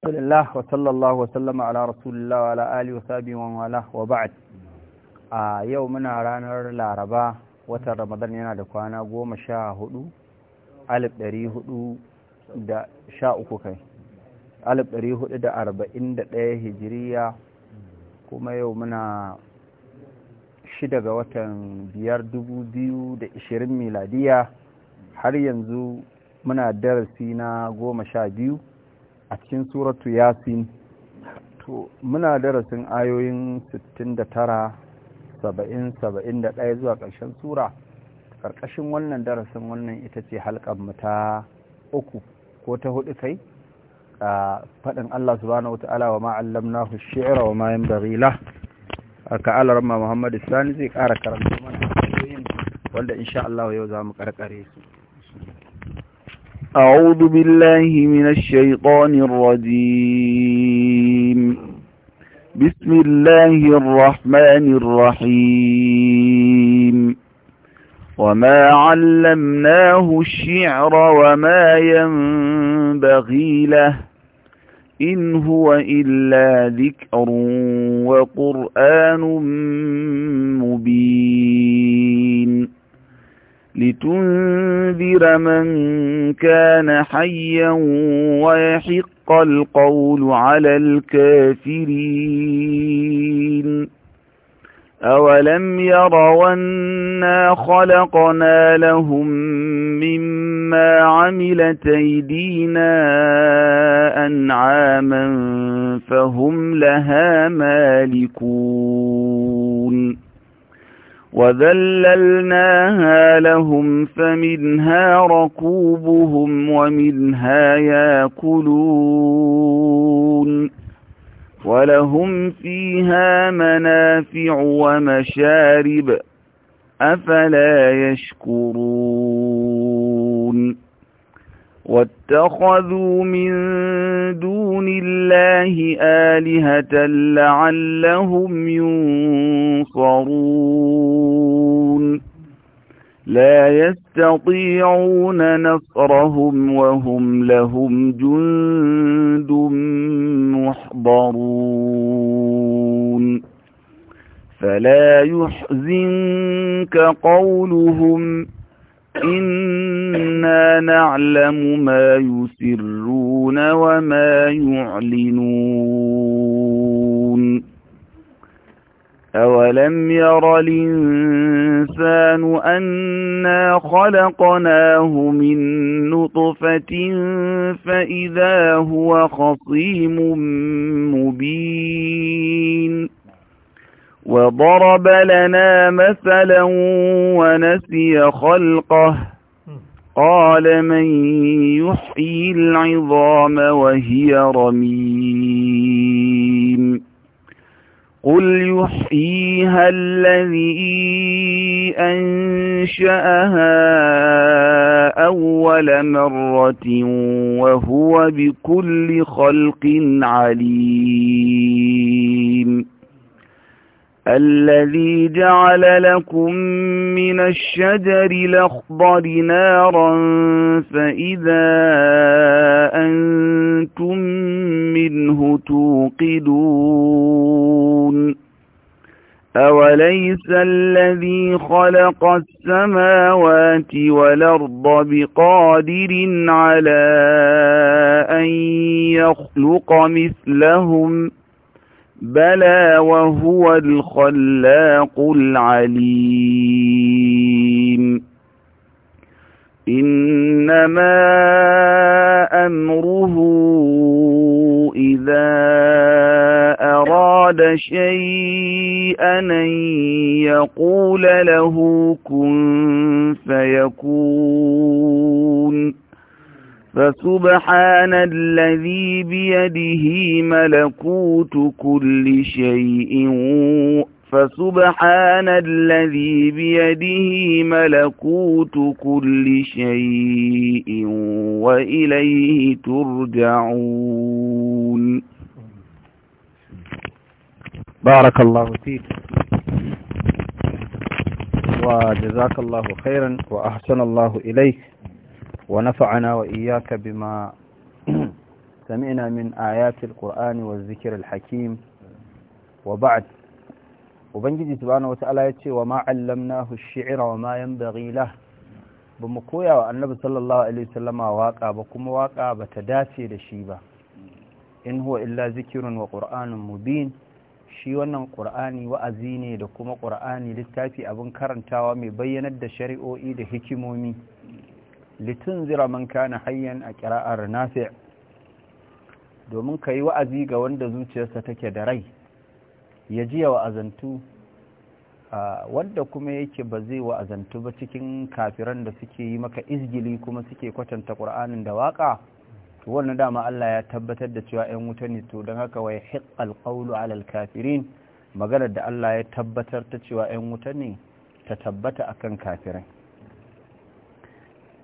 Alhamdulillah wa sallallahu wa sallama ala rasulullah wa ala ali wa sahbihi wa wala wa ba'ad A yau muna ranar Laraba watan Ramadan yana da kwana goma sha hudu alif dari hudu da sha uku kai. Alif dari hudu da arba'in da daya hijiriya kuma yau muna shida ga watan biyar dubu biyu da ishirin miladiya har yanzu muna darasi na goma sha biyu. a cikin suratu yasin to muna darasin ayoyin 69 70 71 zuwa ƙarshen sura ƙarƙashin wannan darasin wannan ita ce halƙar ta uku ko ta hudu kai faɗin Allah subhanahu wata'ala wa ma'allamnahu shi'ra wa ma yanbaghi lah aka ma Muhammad Sani zai ƙara karanta mana ayoyin wanda insha Allah yau za mu karkare su أعوذ بالله من الشيطان الرجيم بسم الله الرحمن الرحيم وما علمناه الشعر وما ينبغي له إن هو إلا ذكر وقرآن مبين لتنذر من كان حيا ويحق القول على الكافرين أولم يرونا خلقنا لهم مما عملت أيدينا أنعاما فهم لها مالكون وذللناها لهم فمنها ركوبهم ومنها ياكلون ولهم فيها منافع ومشارب أفلا يشكرون واتخذوا من دون الله آلهة لعلهم ينصرون لا يستطيعون نصرهم وهم لهم جند محضرون فلا يحزنك قولهم إنا نعلم ما يسرون وما يعلنون أولم ير الإنسان أنا خلقناه من نطفة فإذا هو خصيم مبين وضرب لنا مثلا ونسي خلقه قال من يحيي العظام وهي رميم قل يحييها الذي أنشأها أول مرة وهو بكل خلق عليم الذي جعل لكم من الشجر الأخضر نارا فإذا أنتم منه توقدون أوليس الذي خلق السماوات والأرض بقادر على أن يخلق مثلهم ؟ بلى وهو الخلاق العليم إنما أمره إذا أراد شيئا أن يقول له كن فيكون فسبحان الذي بيده ملكوت كل شيء فسبحان الذي بيده ملكوت كل شيء وإليه ترجعون بارك الله فيك وجزاك الله خيرا وأحسن الله إليك ونفعنا وإياك بما سمعنا من آيات القرآن والذكر الحكيم وبعد وبنجي سبحانه وتعالى يتشي وما علمناه الشعر وما ينبغي له بمكويا والنبي صلى الله عليه وسلم واقع بكم واقع بتداتي لشيبة إن هو إلا ذكر وقرآن مبين shi wannan ƙur'ani wa'azi ne da kuma ƙur'ani littafi abin karantawa mai bayyanar da shari'o'i da hikimomi litunzira man kana hayyan a kira'ar nafi domin ka wa'azi ga wanda zuciyarsa take da rai ya jiya wa'azantu wanda kuma yake ba zai wa'azantu ba cikin kafiran da suke yi maka izgili kuma suke kwatanta ƙur'anin da waƙa wannan dama Allah ya tabbatar da cewa ‘yan wuta ne to don haka wai hiƙal ƙaunu alal kafirin maganar da Allah ya tabbatar ta cewa ‘yan wuta ne ta tabbata akan kafirai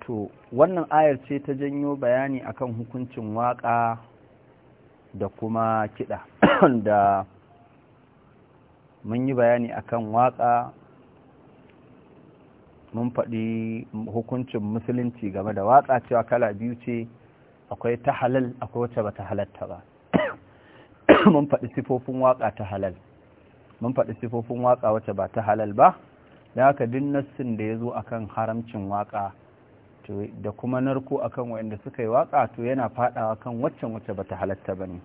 to wannan ayar ce ta janyo bayani akan hukuncin waka da kuma kiɗa da mun yi bayani akan waka mun faɗi hukuncin musulunci game da waka cewa kala biyu ce akwai ta halal akwai wacce ba ta halatta ba mun faɗi sifofin waka ta halal mun faɗi sifofin waka wacce ba ta halal ba da haka duk nassin da ya zo akan haramcin waka to da kuma narko akan waɗanda suka yi waka to yana faɗawa kan waccan wacce bata halatta ne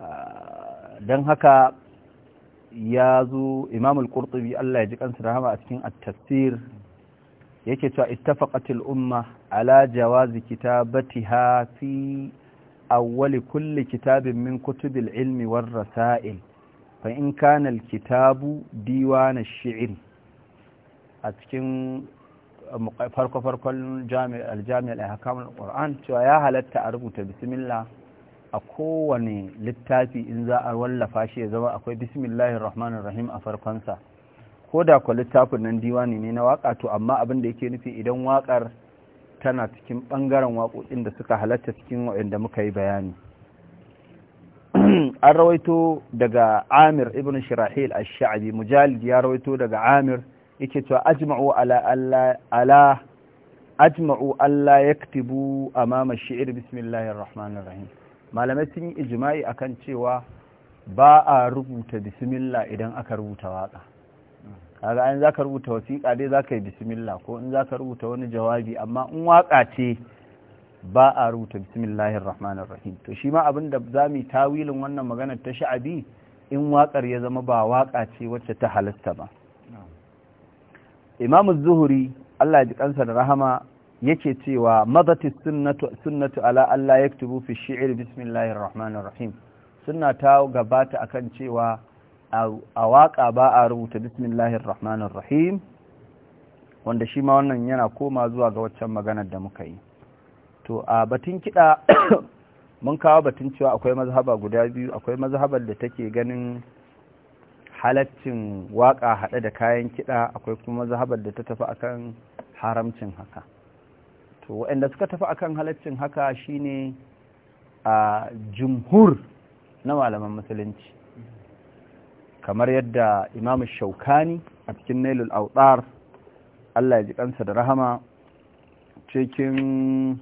ah, don haka ya zo imamul qurtubi Allah ya ji kansa rahama a cikin at-tafsir yake cewa ittafaqatil umma ala jawazi kitabatiha fi awwali kulli kitabin min kutubil ilmi war rasail fa in kana al-kitabu diwan ash-shi'r a cikin farko-farkon aljami'ar hakamar ƙoran cewa ya halatta a rubuta bismillah a kowane littafi in za a wallafa shi ya zama akwai bismillahir rahmanir rahim a farkonsa ko da kwa littafin nan diwani ne na waka to amma abin da yake nufi idan wakar tana cikin ɓangaren waƙoƙin da suka halatta cikin waɗanda muka yi bayani an rawaito daga amir ibn shirahil ash-sha'bi mujalid ya rawaito daga amir yake cewa ajma'u ala alla ala ajma'u alla yaktubu amama shi'ir bismillahir rahmanir rahim malamai sun yi ijma'i akan cewa ba a rubuta bismillah idan aka rubuta waka kaga an zaka rubuta wasiqa dai zaka yi bismillah ko in zaka rubuta wani jawabi amma in waka ce ba a rubuta bismillahir rahmanir rahim to shi ma abin da zamu tawilin wannan maganar ta sha'abi in wakar ya zama ba waka ce wacce ta halasta ba imam zuhuri Allah ya ji kansa da rahama yake cewa madati sunnatu sunnatu ala Allah yaktubu fi shi'r bismillahir rahmanir rahim sunna ta gabata akan cewa a waka ba a rubuta bismillahir rahmanir rahim wanda shi ma wannan yana koma zuwa ga waccan maganar da muka yi to a batun kiɗa mun kawo batun cewa akwai mazhaba guda biyu akwai mazhabar da take ganin halaccin waƙa haɗe da kayan kiɗa akwai kuma zahabar da ta tafi akan haramcin haka to waɗanda suka tafi akan halaccin haka shine a jumhur na malaman musulunci kamar yadda imam shaukani a cikin nailul autar Allah ya ji kansa da rahama cikin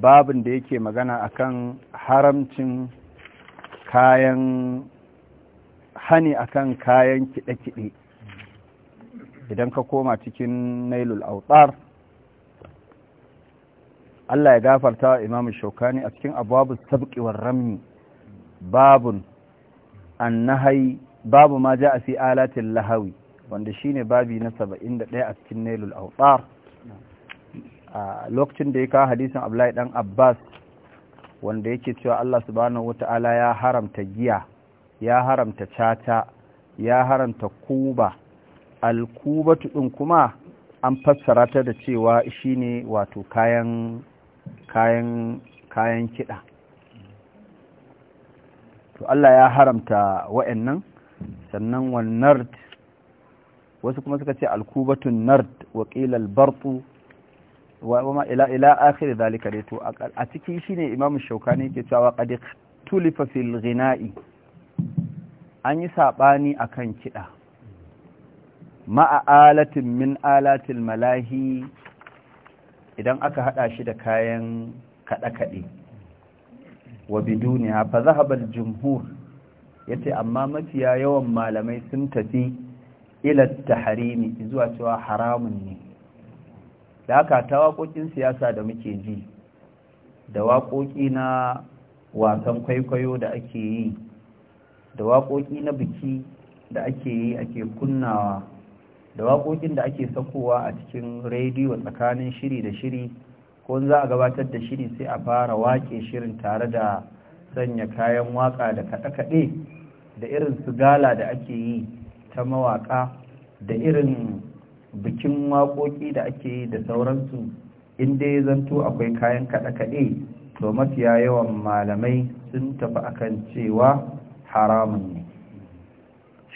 babin da yake magana akan haramcin kayan hani akan kayan kiɗe-kiɗe idan ka koma cikin nailul autar Allah ya gafarta wa imamu shaukani a cikin abubuwan sabƙiwar ramni babun annahai babu ma ja a fi alatin lahawi wanda shi ne babi na saba'in da ɗaya a cikin nailul autar a lokacin da ya kawo hadisin abulai dan abbas wanda yake cewa Allah subhanahu wata'ala ya haramta giya ya haramta cata ya haramta kuba alkubatu ɗin kuma an fassara ta da cewa shine wato kayan kayan kayan kiɗa to Allah ya haramta wa'annan sannan wannan wasu kuma suka ce alkubatun nard qila albartu wa ila ila akhir zalika dai to a cikin shine imamu shaukani yake cewa qad tulifa fil ghina'i an yi saɓani a kan kiɗa ma'a alatin min alatin malahi idan aka haɗa shi da kayan kaɗe-kaɗe wa biduniya fa zahabar jumhur ya ce amma mafiya yawan malamai sun tafi ilar taharimi zuwa cewa haramun ne da haka ta waƙoƙin siyasa da muke ji da waƙoƙi na wasan kwaikwayo da ake yi da waƙoƙi na biki da ake yi ake kunnawa da waƙoƙin da ake sakowa a cikin rediyo tsakanin shiri da shiri ko za a gabatar da shiri sai a fara waƙe shirin tare da sanya kayan waƙa da kaɗe-kaɗe da irin su gala da ake yi ta mawaƙa da irin bikin waƙoƙi da ake yi da sauransu inda ya zanto akwai kayan kaɗe-kaɗe to mafiya yawan malamai sun tafi akan cewa haramun ne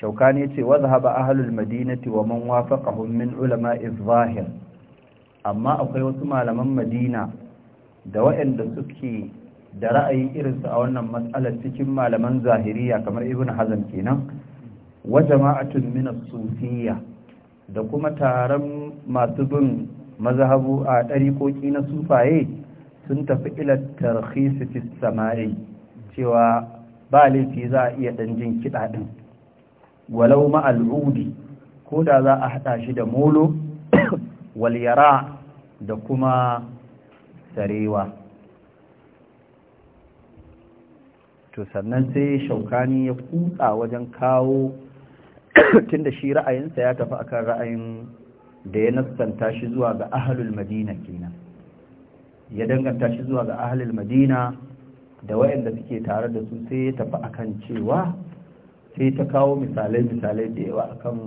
shaukani ya ce wazhaba ahlul madinati wa man wafaqahum min ulama'i zahir amma akwai wasu malaman madina da waɗanda suke da ra'ayi irinsu a wannan matsalar cikin malaman zahiriya kamar ibn hazan kenan wa jama'atun min as-sufiyya da kuma taron masu bin mazhabu a ɗariƙoƙi na sufaye sun tafi ila tarkhis fi samari cewa ba laifi za a iya ɗan jin kiɗa ɗin walau ma'al'udi ko da za a haɗa shi da molo walyara da kuma sarewa to sannan sai shaukani ya kutsa wajen kawo tunda da shi ra'ayinsa ya tafi akan ra'ayin da ya nassanta shi zuwa ga ahalul madina kenan ya danganta shi zuwa ga ahalul madina da wayanda suke tare da su sai ya tafi akan cewa sai ta kawo misalai-misalai da yawa akan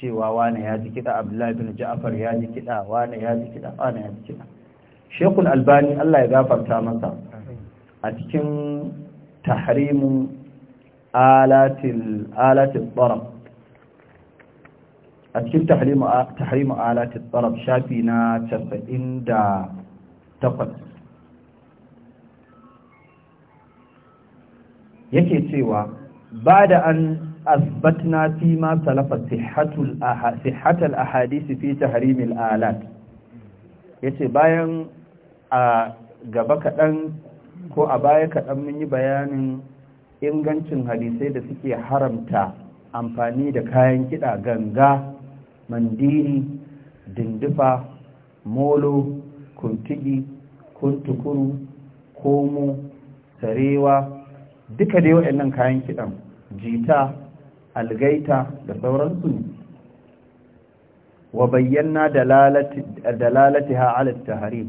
cewa wane ya ji kiɗa abdullahi bin ja'afar ya ji kiɗa wane ya ji kiɗa wane ya ji kiɗa shekul albani allah ya gafarta masa a cikin tahrimu alatin tsoron a cikin tahrimu alatin tsoron shafi na 98 yake cewa ba da an asbatna fi ma salafa sihatul ahadisi fi Harimil alat yace bayan a gaba kaɗan ko a baya kaɗan mun yi bayanin ingancin hadisai da suke haramta amfani da kayan kiɗa ganga mandiri dindifa molo kuntigi kuntukuru komo sarewa duka dai waɗannan kayan kiɗan jita algaita da sauransu ne wa bayyana ha ala tahrim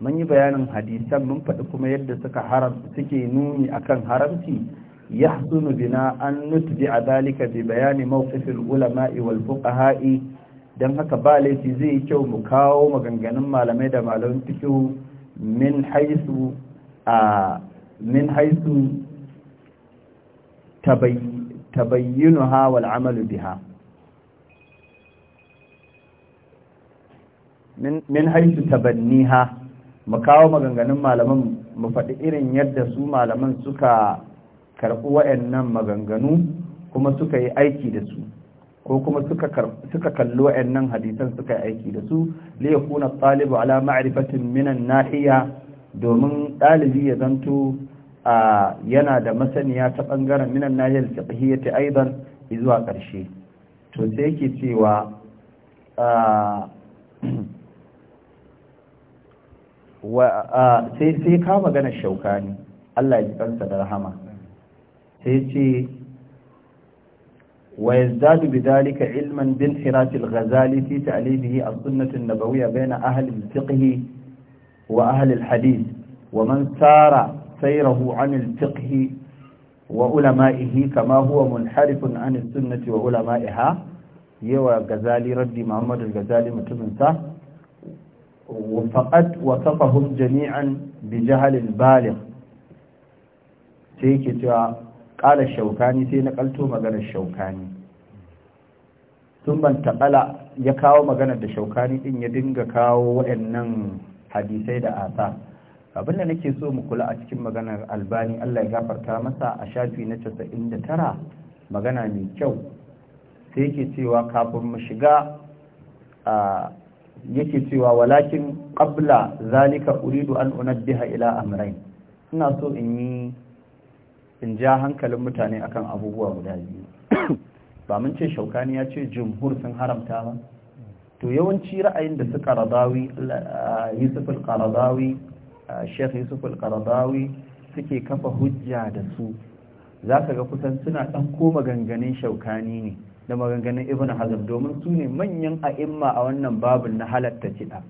mun yi bayanin hadisan mun faɗi kuma yadda suka haram suke nuni akan haramci yahsunu bina an nutbi a zalika bi bayani mawqifil ulama wal fuqaha'i dan haka ba laifi zai yi kyau mu kawo maganganun malamai da malamin fiqh min haisu a min haisu tabayyinuha wal amalu biha min banni tabanniha mu kawo maganganun malaman mu faɗi irin yadda su malaman suka karɓi wa'annan maganganu kuma suka yi aiki da su ko kuma suka kalli wa'annan hadisan suka yi aiki da su li yakuna talibu ala ma'rifatin minan nahiya domin ɗalibi ya zanto yana da masaniya ta ɓangaren minan nahiyar tsakhiyar ta aibar zuwa ƙarshe to sai yake cewa sai ka magana shauka ne allah ya kansa da rahama sai ce wa yazdadu bidalika ilman bin hirasil ghazali fi ta'alibihi as-sunnatin nabawiyya baina na ahalin fiqh wa ahalin al-hadith wa man sara سيره عن الفقه وعلمائه كما هو منحرف عن السنة وعلمائها يوى غزالي ردي محمد الغزالي متمنسا فقد gazali جميعا بجهل البالغ sai ke cewa ƙala shaukani sai na ƙalto maganar shaukani sun ban ya kawo maganar da shaukani ɗin ya dinga kawo waɗannan hadisai da asa abinda nake so mu kula a cikin maganar albani Allah ya gafarta masa a shafi na 99 magana mai kyau sai yake cewa kafin mu shiga yake cewa walakin qabla zalika uridu an unabbiha ila amrayn ina so in yi in ja hankalin mutane akan abubuwa guda biyu ba mun ce shaukani ya ce jumhur sun haramta ba to yawanci ra'ayin da suka radawi yusuf al-qaradawi Sheikh Yusuf al-Qaradawi suke kafa hujja da su zaka ga kusan suna tsanko ko maganganun shaukani ne da maganganun Ibn Hazm domin su ne manyan a'imma a wannan babul na halatta kiɗa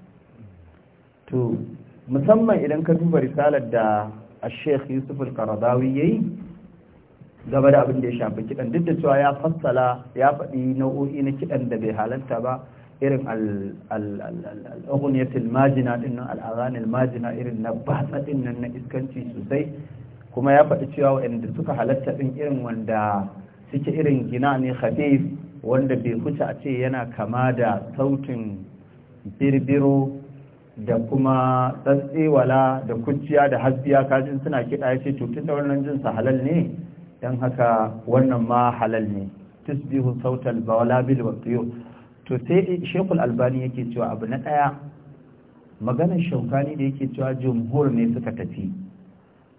to musamman idan ka duba risalar da Sheikh Yusuf al-Qaradawi yayi gaba da abin da ya shafi kiɗan duk da cewa ya fassala ya faɗi nau'o'i na kiɗan da bai halarta ba irin al'uguniyatul majina din nan al'azanil majina irin na batsa din na iskanci sosai kuma ya faɗi cewa waɗanda suka halatta din irin wanda suke irin gina ne khafif wanda bai huce a ce yana kama da sautin birbiro da kuma tsantsewala da kuciya da hasbiya kajin suna kiɗa ya ce tutun da wannan jinsa halal ne don haka wannan ma halal ne tusbihu sautal bawala bil waqtiyu to sai shekul albani yake cewa abu na ɗaya maganar shaukani da yake cewa jumhur ne suka tafi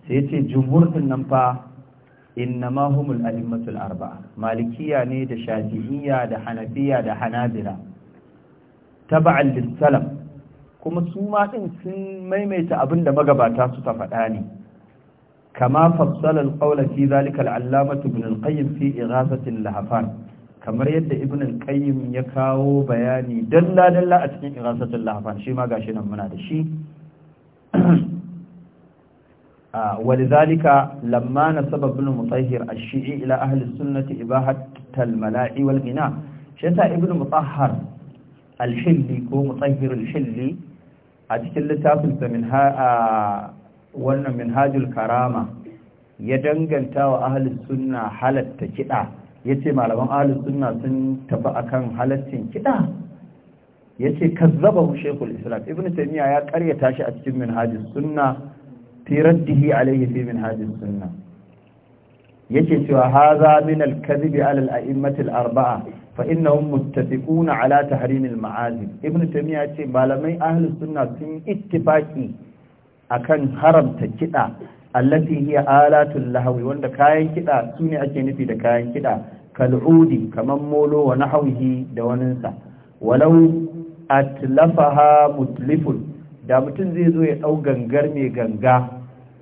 sai ce jumhur din nan fa innama humul alimatul arba'a malikiya ne da shafi'iya da hanafiya da hanabila taba'an lissalam kuma su ma sun maimaita abin da magabata ta faɗa ne kama fassala alqawla fi zalika al'allamatu bin al fi ighasatil lahafan kamar yadda ibn al ya kawo bayani dalla dalla a cikin iqasatul lahfan shi ma gashi nan muna da ibn mutahhir ash-shi'i ila ahli sunnati ibahat malai wal ghina shi ta ibn mutahhar al-hilli ko mutahhir al a cikin litafin sa min ha wannan min karama ya danganta wa ahli sunna halatta kiɗa. ya ce malaman ahalus sun tafi akan halaccin kiɗa ya ce kazzabahu shekul islam ibn taimiyya ya karyata shi a cikin minhajis sunna fi alaihi fi minhajis sunna yake cewa haza min al-kadhib ala arbaa fa innahum muttafiquna ala tahrimil ma'azi ibn taimiyya ce malamai ahlus sunna sun ittifaki akan haramta kiɗa allati hiya alatul lahwi wanda kayan kida sune ake nufi da kayan kida kal'udi kaman molo wa nahwihi da waninsa walau atlafaha mutliful da mutum zai zo ya dau gangar mai ganga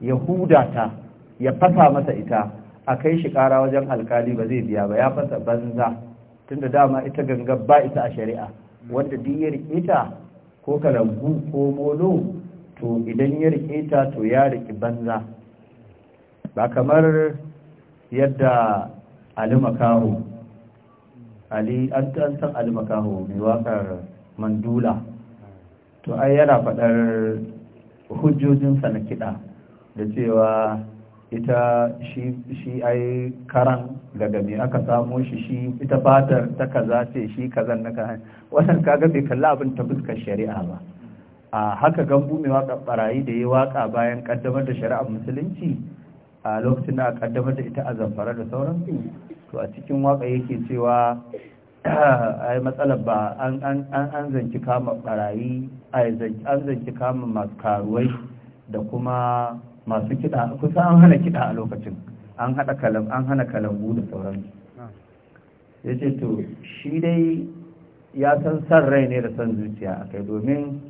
ya hudata ya fasa masa ita a kai shi kara wajen alkali ba zai biya ba ya fasa banza tunda dama ita gangar ba ita a shari'a wanda diyar ita ko kalangu ko molo to idan ya rike ta to ya rike banza ba kamar yadda ali ali an san ali makaho mai wakar mandula to ai yana faɗar hujjojinsa na kiɗa da cewa ita shi ai karan daga me aka samo shi shi ita fatar ta kaza ce shi kazan na kaza wannan kaga bai kalla abin ta fuskar shari'a ba a haka gambu mai waka barayi da ya waka bayan kaddamar da shari'ar musulunci a lokacin da a kaddamar da ita a zamfara da sauransu to a cikin waka yake cewa ah, ai matsalar ba an kama barayi an zanci kama masu karuwai da kuma masu kiɗa kusa an hana kiɗa a lokacin an hana kalam an hana kalambu da sauransu yace to shi dai ya san san rai ne da san zuciya akai domin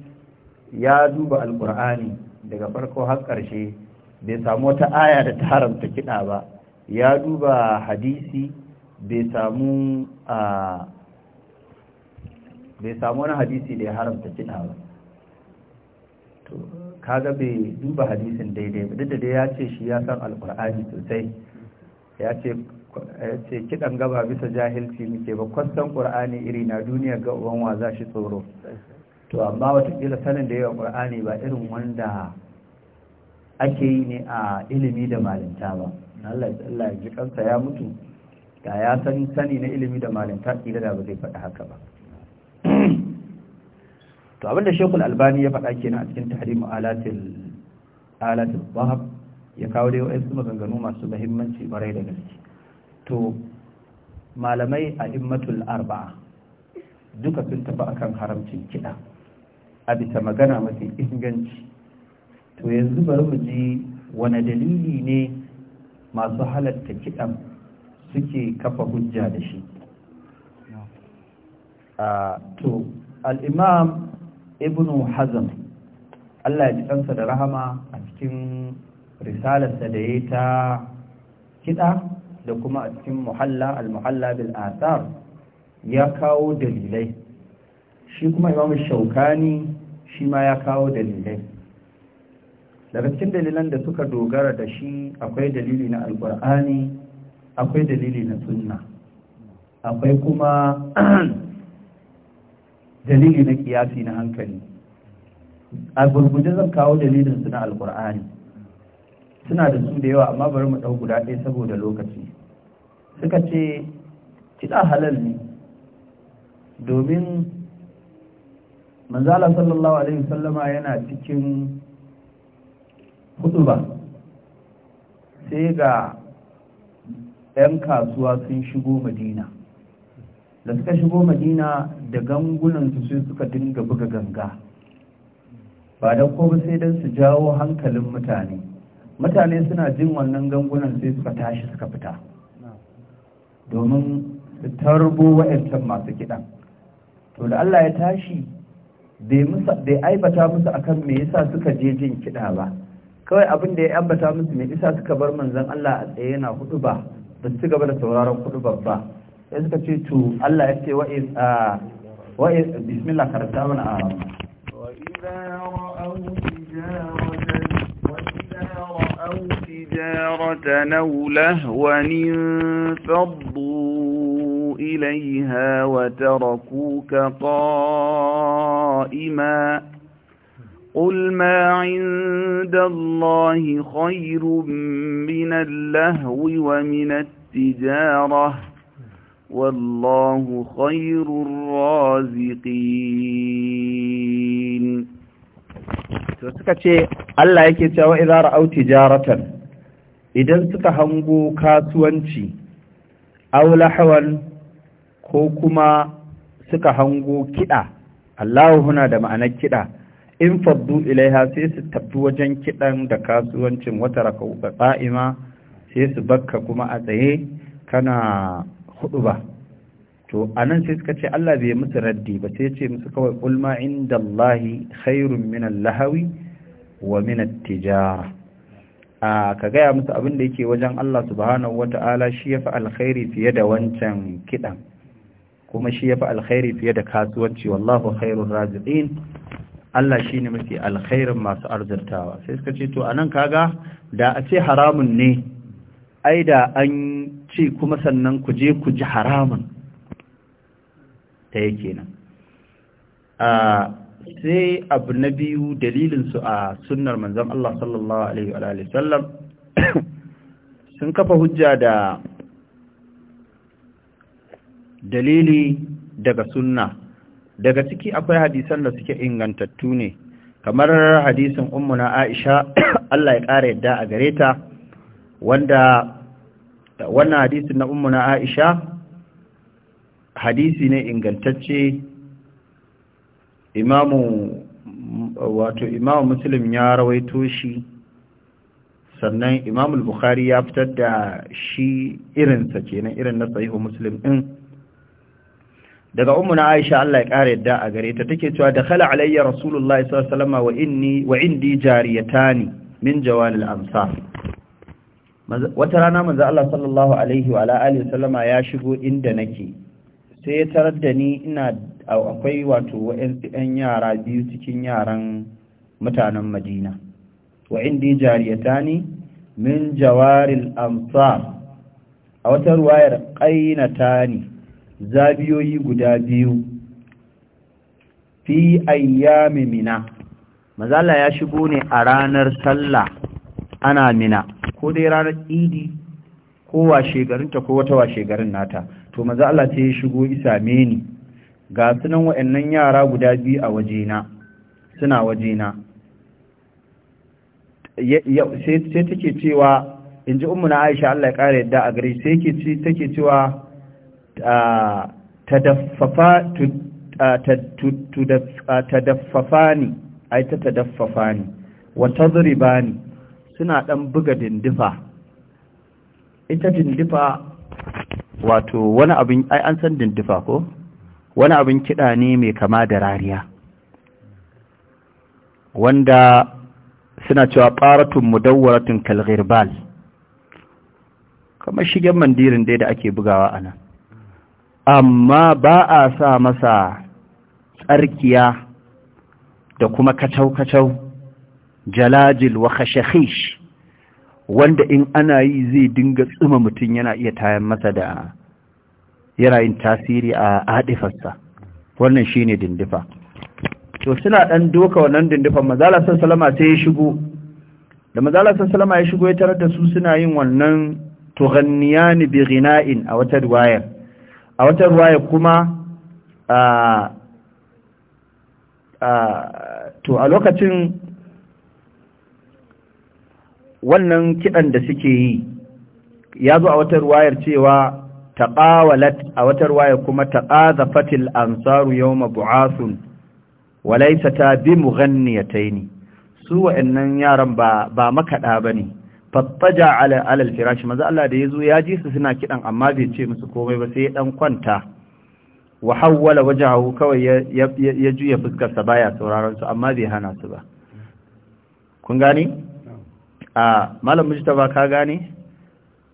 ya duba alkur'ani daga farko har ƙarshe bai samu wata aya da ta haramta kiɗa ba ya duba hadisi bai samu a bai samu wani hadisi da ya haramta kiɗa ba to kaga bai duba hadisin daidai ba duk da ya ce shi ya san alkur'ani sosai ya ce ce kiɗan gaba bisa jahilci muke ba Kwastan ƙur'ani iri na duniya ga uban wa za shi tsoro to amma watakila sanin da yawa ƙur'ani ba irin wanda ake yi ne a ilimi da malinta ba Allah ya ji kansa ya mutu da ya san sani na ilimi da malinta ƙila da ba zai faɗi haka ba to abinda shekul albani ya faɗa kenan a cikin tahrimu alatil alatil ya kawo dai wa'ansu maganganu masu mahimmanci bare da gaske to malamai a immatul arba'a duka sun tafi akan haramcin kiɗa a bisa magana mafi inganci to yanzu bari mu ji wane dalili ne masu halatta kiɗan suke kafa hujja da shi to al'imam ibn hazm Allah ya ji ɗansa da rahama a cikin risalarsa da ya ta kiɗa da kuma a cikin muhalla al-muhalla bil ya kawo dalilai shi kuma imam shaukani shi ma ya kawo dalilai daga cikin dalilan da suka dogara da shi akwai dalili na alkur'ani akwai dalili na sunna akwai kuma dalili na kiyasi na hankali a zan kawo dalilin su na alkur'ani suna da su da yawa amma bari mu ɗau guda ɗaya saboda lokaci suka ce kiɗa halal ne domin manzala sallallahu alaihi wasallama yana cikin ba. sai ga 'yan kasuwa sun shigo madina da suka shigo madina da gangunansu sai suka dinga buga ganga ba da ba sai don su jawo hankalin mutane mutane suna jin wannan gangunan sai suka tashi suka fita domin su tarbo wa'yancan masu kiɗan to da allah ya tashi bai aibata musu akan me yasa suka je jin kiɗa ba kawai abin da ya ambata musu me yasa suka bar manzon Allah a tsaye yana hudu ba ba su gaba da sauraron hudu ba sai suka ce to Allah ya ce wa is wa is bismillah karanta mana a wa idza ra'aw tijaratan wa idza ra'aw tijaratan aw lahwan faddu إليها وتركوك قائما قل ما عند الله خير من اللهو ومن التجارة والله خير الرازقين الله يكتا وإذا رأوا تجارة إذا استقهموا كاسوانتي أو لحوان ko kuma suka hango kiɗa Allahu huna da ma'anar kiɗa in faddu ilaiha sai su tafi wajen kiɗan da kasuwancin wata rakauka, sai su bakka kuma a tsaye kana hudu ba to anan sai suka ce Allah bai musu raddi ba sai ce musu kawai ulma inda Allahi khairun min lahawi wa min tijara a ka gaya musu abin da yake wajen Allah subhanahu wata'ala shi ya fi alkhairi fiye da wancan kiɗan kuma shi ya fi alkhairi fiye da kasuwanci wallahu khairur raziqin Allah shi shine mafi alkhairin masu arzurtawa sai suka ce to anan kaga da a ce haramun ne ai da an ce kuma sannan ku je ku ji haramun ta yake nan sai abu na biyu dalilinsu a sunnar manzan Allah sallallahu alaihi wa sallam sun kafa hujja da dalili daga sunna daga ciki akwai hadisan da suke ingantattu ne kamar hadisin ummuna Aisha Allah ya ƙara yadda a gare ta wanda wannan hadisin na ummuna Aisha hadisi ne ingantacce imamu wato imamu muslim ya rawaito shi sannan imamul bukhari ya fitar da shi irinsa kenan irin na sahihu muslim ɗin. daga ummuna Aisha Allah ya kare yadda a gare ta take cewa khala alayya rasulullahi sallallahu alaihi wa inni wa indi jariyatani min jawalil amsar wata rana manzo Allah sallallahu alaihi wa alihi sallama ya shigo inda nake sai ya tarar da ni ina akwai wato wa'ansu ɗan yara biyu cikin yaran mutanen Madina wa indi jariyatani min jawaril amsar a wata ruwayar qainatani zabiyoyi guda biyu fi ayyami mina mazala ya shigo ne a ranar sallah ana mina ko dai ranar idi ko washegarinta ko wata washegarin nata to maza Allah sai ya shigo isa meni. ga sunan wa'annan yara guda biyu a wajena suna wajena sai take cewa in ji ummu na aisha Allah ya ƙara yadda a gare sai take cewa tadaffafa tadaffafani ai ta tadaffafani wa tadribani suna dan buga dindifa ita dindifa wato wani abin ai an san dindifa ko wani abin kida ne mai kama da rariya wanda suna cewa qaratun mudawwaratun kalghirbal kamar shigen mandirin dai da ake bugawa anan amma ba a sa masa tsarkiya da kuma kacau-kacau jalajil wa khashakhish wanda in ana yi zai dinga tsuma mutum yana iya tayan masa da yana yin tasiri a haɗifarsa wannan shi ne dindifa to suna ɗan doka wannan dindifan mazala san salama sai ya shigo da mazala san salama ya shigo ya tarar da su suna yin wannan tuhanniyani bi ghina'in a wata riwayar a wata ruwaya kuma to a lokacin wannan kiɗan da suke yi ya zo a wata ruwayar cewa taƙawalat a wata ruwayar kuma taqazafatil ansaru yawma bu'asun walaysa ta bi mughanniyataini su wa'annan yaran ba makaɗa ba ne fattaja ala alal firashi, maza Allah da zo ya ji su suna kiɗan, amma bai ce musu komai ba sai ya ɗan kwanta wa hawwala wajahu kawai ya juya fuskar sa baya sauraron su amma bai hana su ba kun gani a malam mujtaba ka gane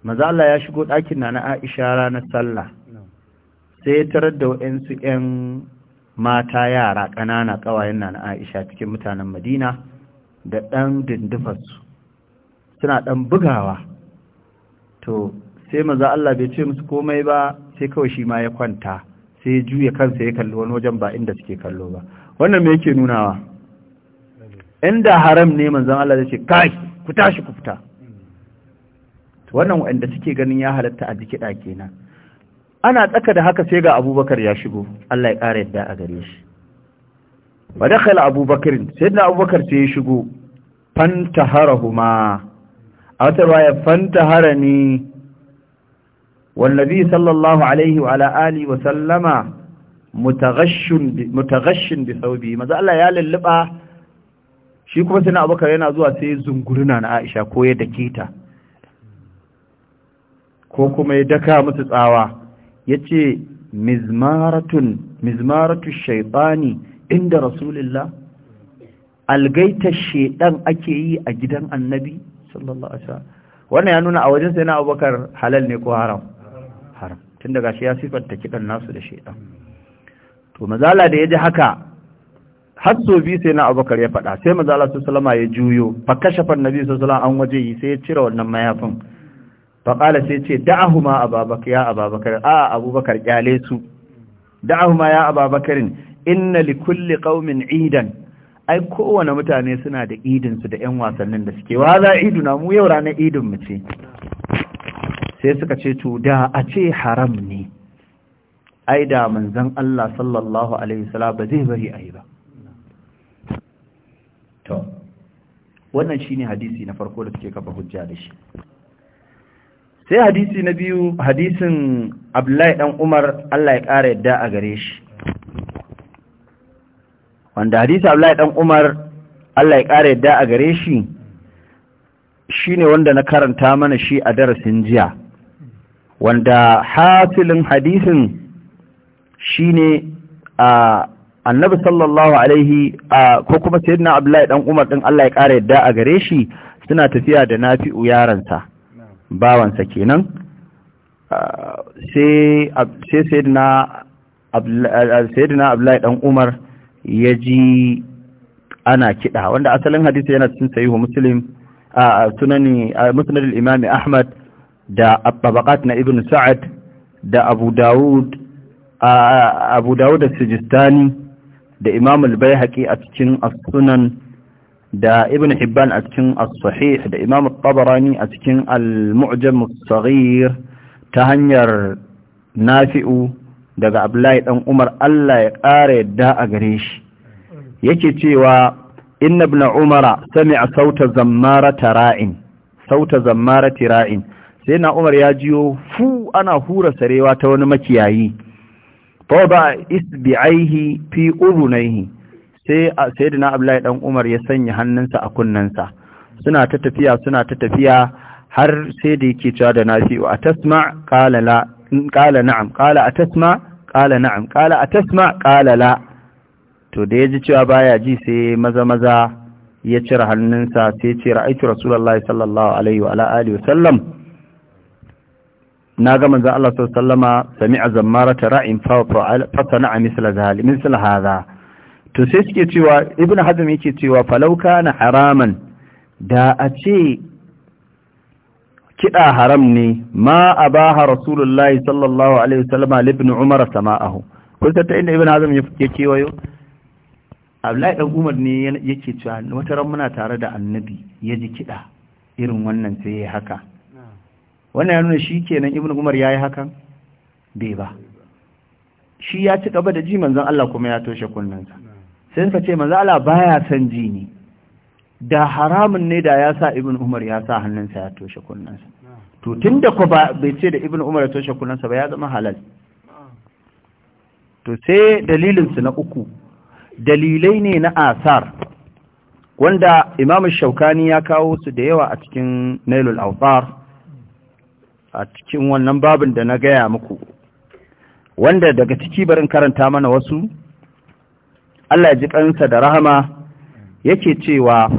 maza Allah ya shigo ɗakin na na Aisha rana sallah sai ya tarar da wayansu ƴan mata yara ƙanana ƙawayen na na Aisha cikin mutanen Madina da ɗan dindufarsu suna ɗan bugawa to sai maza Allah bai ce musu komai ba sai kawai shi ma ya kwanta sai ya juya kansa ya kalli wani wajen ba inda suke kallo ba wannan mai yake nunawa inda haram ne manzan Allah zai ce kai ku tashi ku fita to wannan wanda suke ganin ya halatta a jiki kenan ana tsaka da haka sai ga Abubakar ya shigo Allah ya ƙara yadda a gare shi wa dakhala Abubakar sayyidina Abubakar sai ya shigo fantahara a wata ya fanta harani wallabi sallallahu alaihi wa ala'ali wa sallama mutagashin da saubi maza Allah ya lulluɓa shi kuma suna abokar yana zuwa sai zungurina na aisha ko ya dake ta ko kuma ya daka musu tsawa ya ce mizmaratun shaifani inda rasulullah algaita shaidan ake yi a gidan annabi sallallahu alaihi wasallam wannan ya nuna a wajen sai na abubakar halal ne ko haram haram tun daga shi ya sifanta kidan nasu da shedan to mazala da yaji haka har so bi sai na abubakar ya faɗa sai mazala su salama ya juyo fa kashafa annabi sallallahu an waje yi sai ya cire wannan mayafin fa qala sai ce da'ahuma ababakar ya ababakar a abubakar kyale su da'ahuma ya ababakarin inna likulli qaumin idan ai kowane mutane suna da idinsu da ƴan wasannin da suke wa za na mu yau ranar idin mu ce sai suka ce to da a ce haram ne ai da manzon Allah sallallahu alaihi wasallam ba zai bari ai ba to wannan shine hadisi na farko da suke kafa hujja da shi sai hadisi na biyu hadisin Abdullahi dan Umar Allah ya ƙara yadda a gare shi wanda hadisi Abdullahi dan Umar Allah ya kare yadda a gare shi shine wanda na karanta mana shi a darasin jiya wanda hasilin hadisin shine a annabi sallallahu alaihi ko kuma sayyidina Abdullahi dan Umar din Allah ya kare yadda a gare shi suna tafiya da nafi'u yaransa bawansa kenan sai sayyidina Abdullahi dan Umar ya ji ana kiɗa wanda asalin hadisi yana cikin sayihu muslim a sunani a musnadul imami ahmad da abbaqat na ibn sa'ad da abu dawud abu dawud as-sijistani da imam al-baihaqi a cikin as-sunan da ibn hibban a cikin as-sahih da imam at-tabarani a cikin al-mu'jam as-saghir ta hanyar nafi'u daga abdullahi dan umar Allah ya ƙara yadda a gare shi yake cewa inna ibn umara a sauta zammara tara'in sauta zammara tira'in sai na umar ya jiyo fu ana hura sarewa ta wani makiyayi fa ba isbi aihi fi urunaihi sai na abdullahi dan umar ya sanya hannunsa a kunnensa suna ta tafiya suna ta tafiya har sai da yake cewa da nafi'u atasma qala la qala na'am qala atasma ƙala na'am ƙala a tasma ƙala la to da ya ji cewa baya ji sai maza maza ya cire hannunsa sai ce ra'aitu rasulullahi sallallahu alaihi wa alihi wasallam na ga manzon Allah sallallahu sami'a zammarata ra'in fa fa sana'a misla zali misla hadha to sai suke cewa ibnu hazm yake cewa falauka na haraman da a ce kiɗa haram ne ma a ba ha rasulullahi sallallahu alaihi wasallama libin umar sama'ahu kun ta inda ibn azam ya kewayo abdullahi dan umar ne yake cewa wata ran muna tare da annabi ya ji kiɗa irin wannan sai ya haka wannan ya nuna shi kenan ibn umar ya yi hakan bai ba shi ya ci gaba da ji manzon Allah kuma ya toshe kunnensa sai suka ce manzon Allah baya son ji ne da haramun ne da ya sa ibn umar ya sa hannunsa ya toshe kunnansa to tun da ku bai ce da ibn umar ya toshe kunnansa ba ya zama halal to sai dalilinsu na uku dalilai ne na asar wanda imam shaukani ya kawo su da yawa a cikin nailul alfar a cikin wannan babin da na gaya muku wanda daga ciki barin karanta mana wasu Allah ji kansa da rahama yake cewa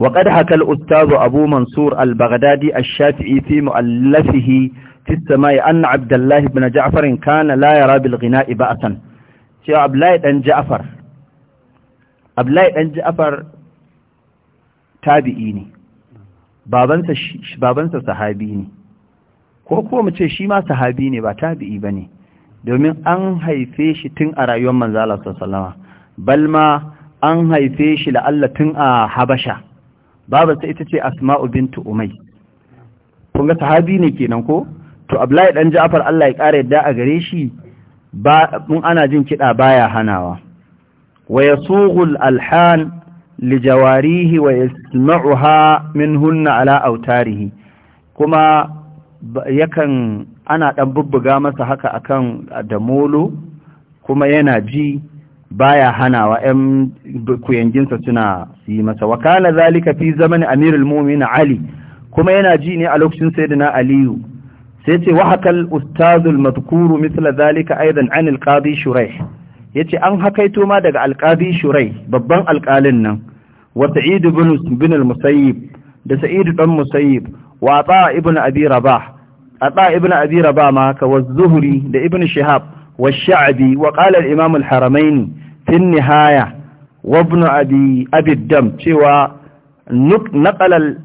وقد حكى الأستاذ أبو منصور البغدادي الشافعي في مؤلفه في السماء أن عبد الله بن جعفر كان لا يرى بالغناء بأسا شو عبد الله بن جعفر عبد الله بن جعفر ne babansa sahabi ne ko kuma mu ce shi ma sahabi ne ba tabi'i ba ne domin an haife shi tun a rayuwar manzala sallama balma an haife shi la'alla tun a habasha babarsa ita ce asma'u bintu umai kun ga sahabi ne kenan ko to abdullahi dan ja'far Allah ya kare yadda a gare shi ba mun ana jin kida baya hanawa wa yasughul alhan li jawarihi wa yasma'uha minhunna ala autarihi kuma yakan ana dan bubbuga masa haka akan da molo kuma yana ji baya hanawa ƴan kuyanginsa suna yi masa wa kana zalika fi zaman amirul mu'min ali kuma yana ji ne a lokacin sayyidina aliyu sai ce wa hakal ustazul madhkuru mithla zalika aidan an alqadi shuraih yace an hakaito ma daga alqadi shuraih babban alqalin nan wa sa'id ibn bin al-musayyib da sa'id dan musayyib wa ta ibn abi rabah ata ibn abi rabah ma ka wa zuhri da ibn shihab والشعبي وقال الإمام الحرمين fin nihaya wabnu abiddam cewa naƙalar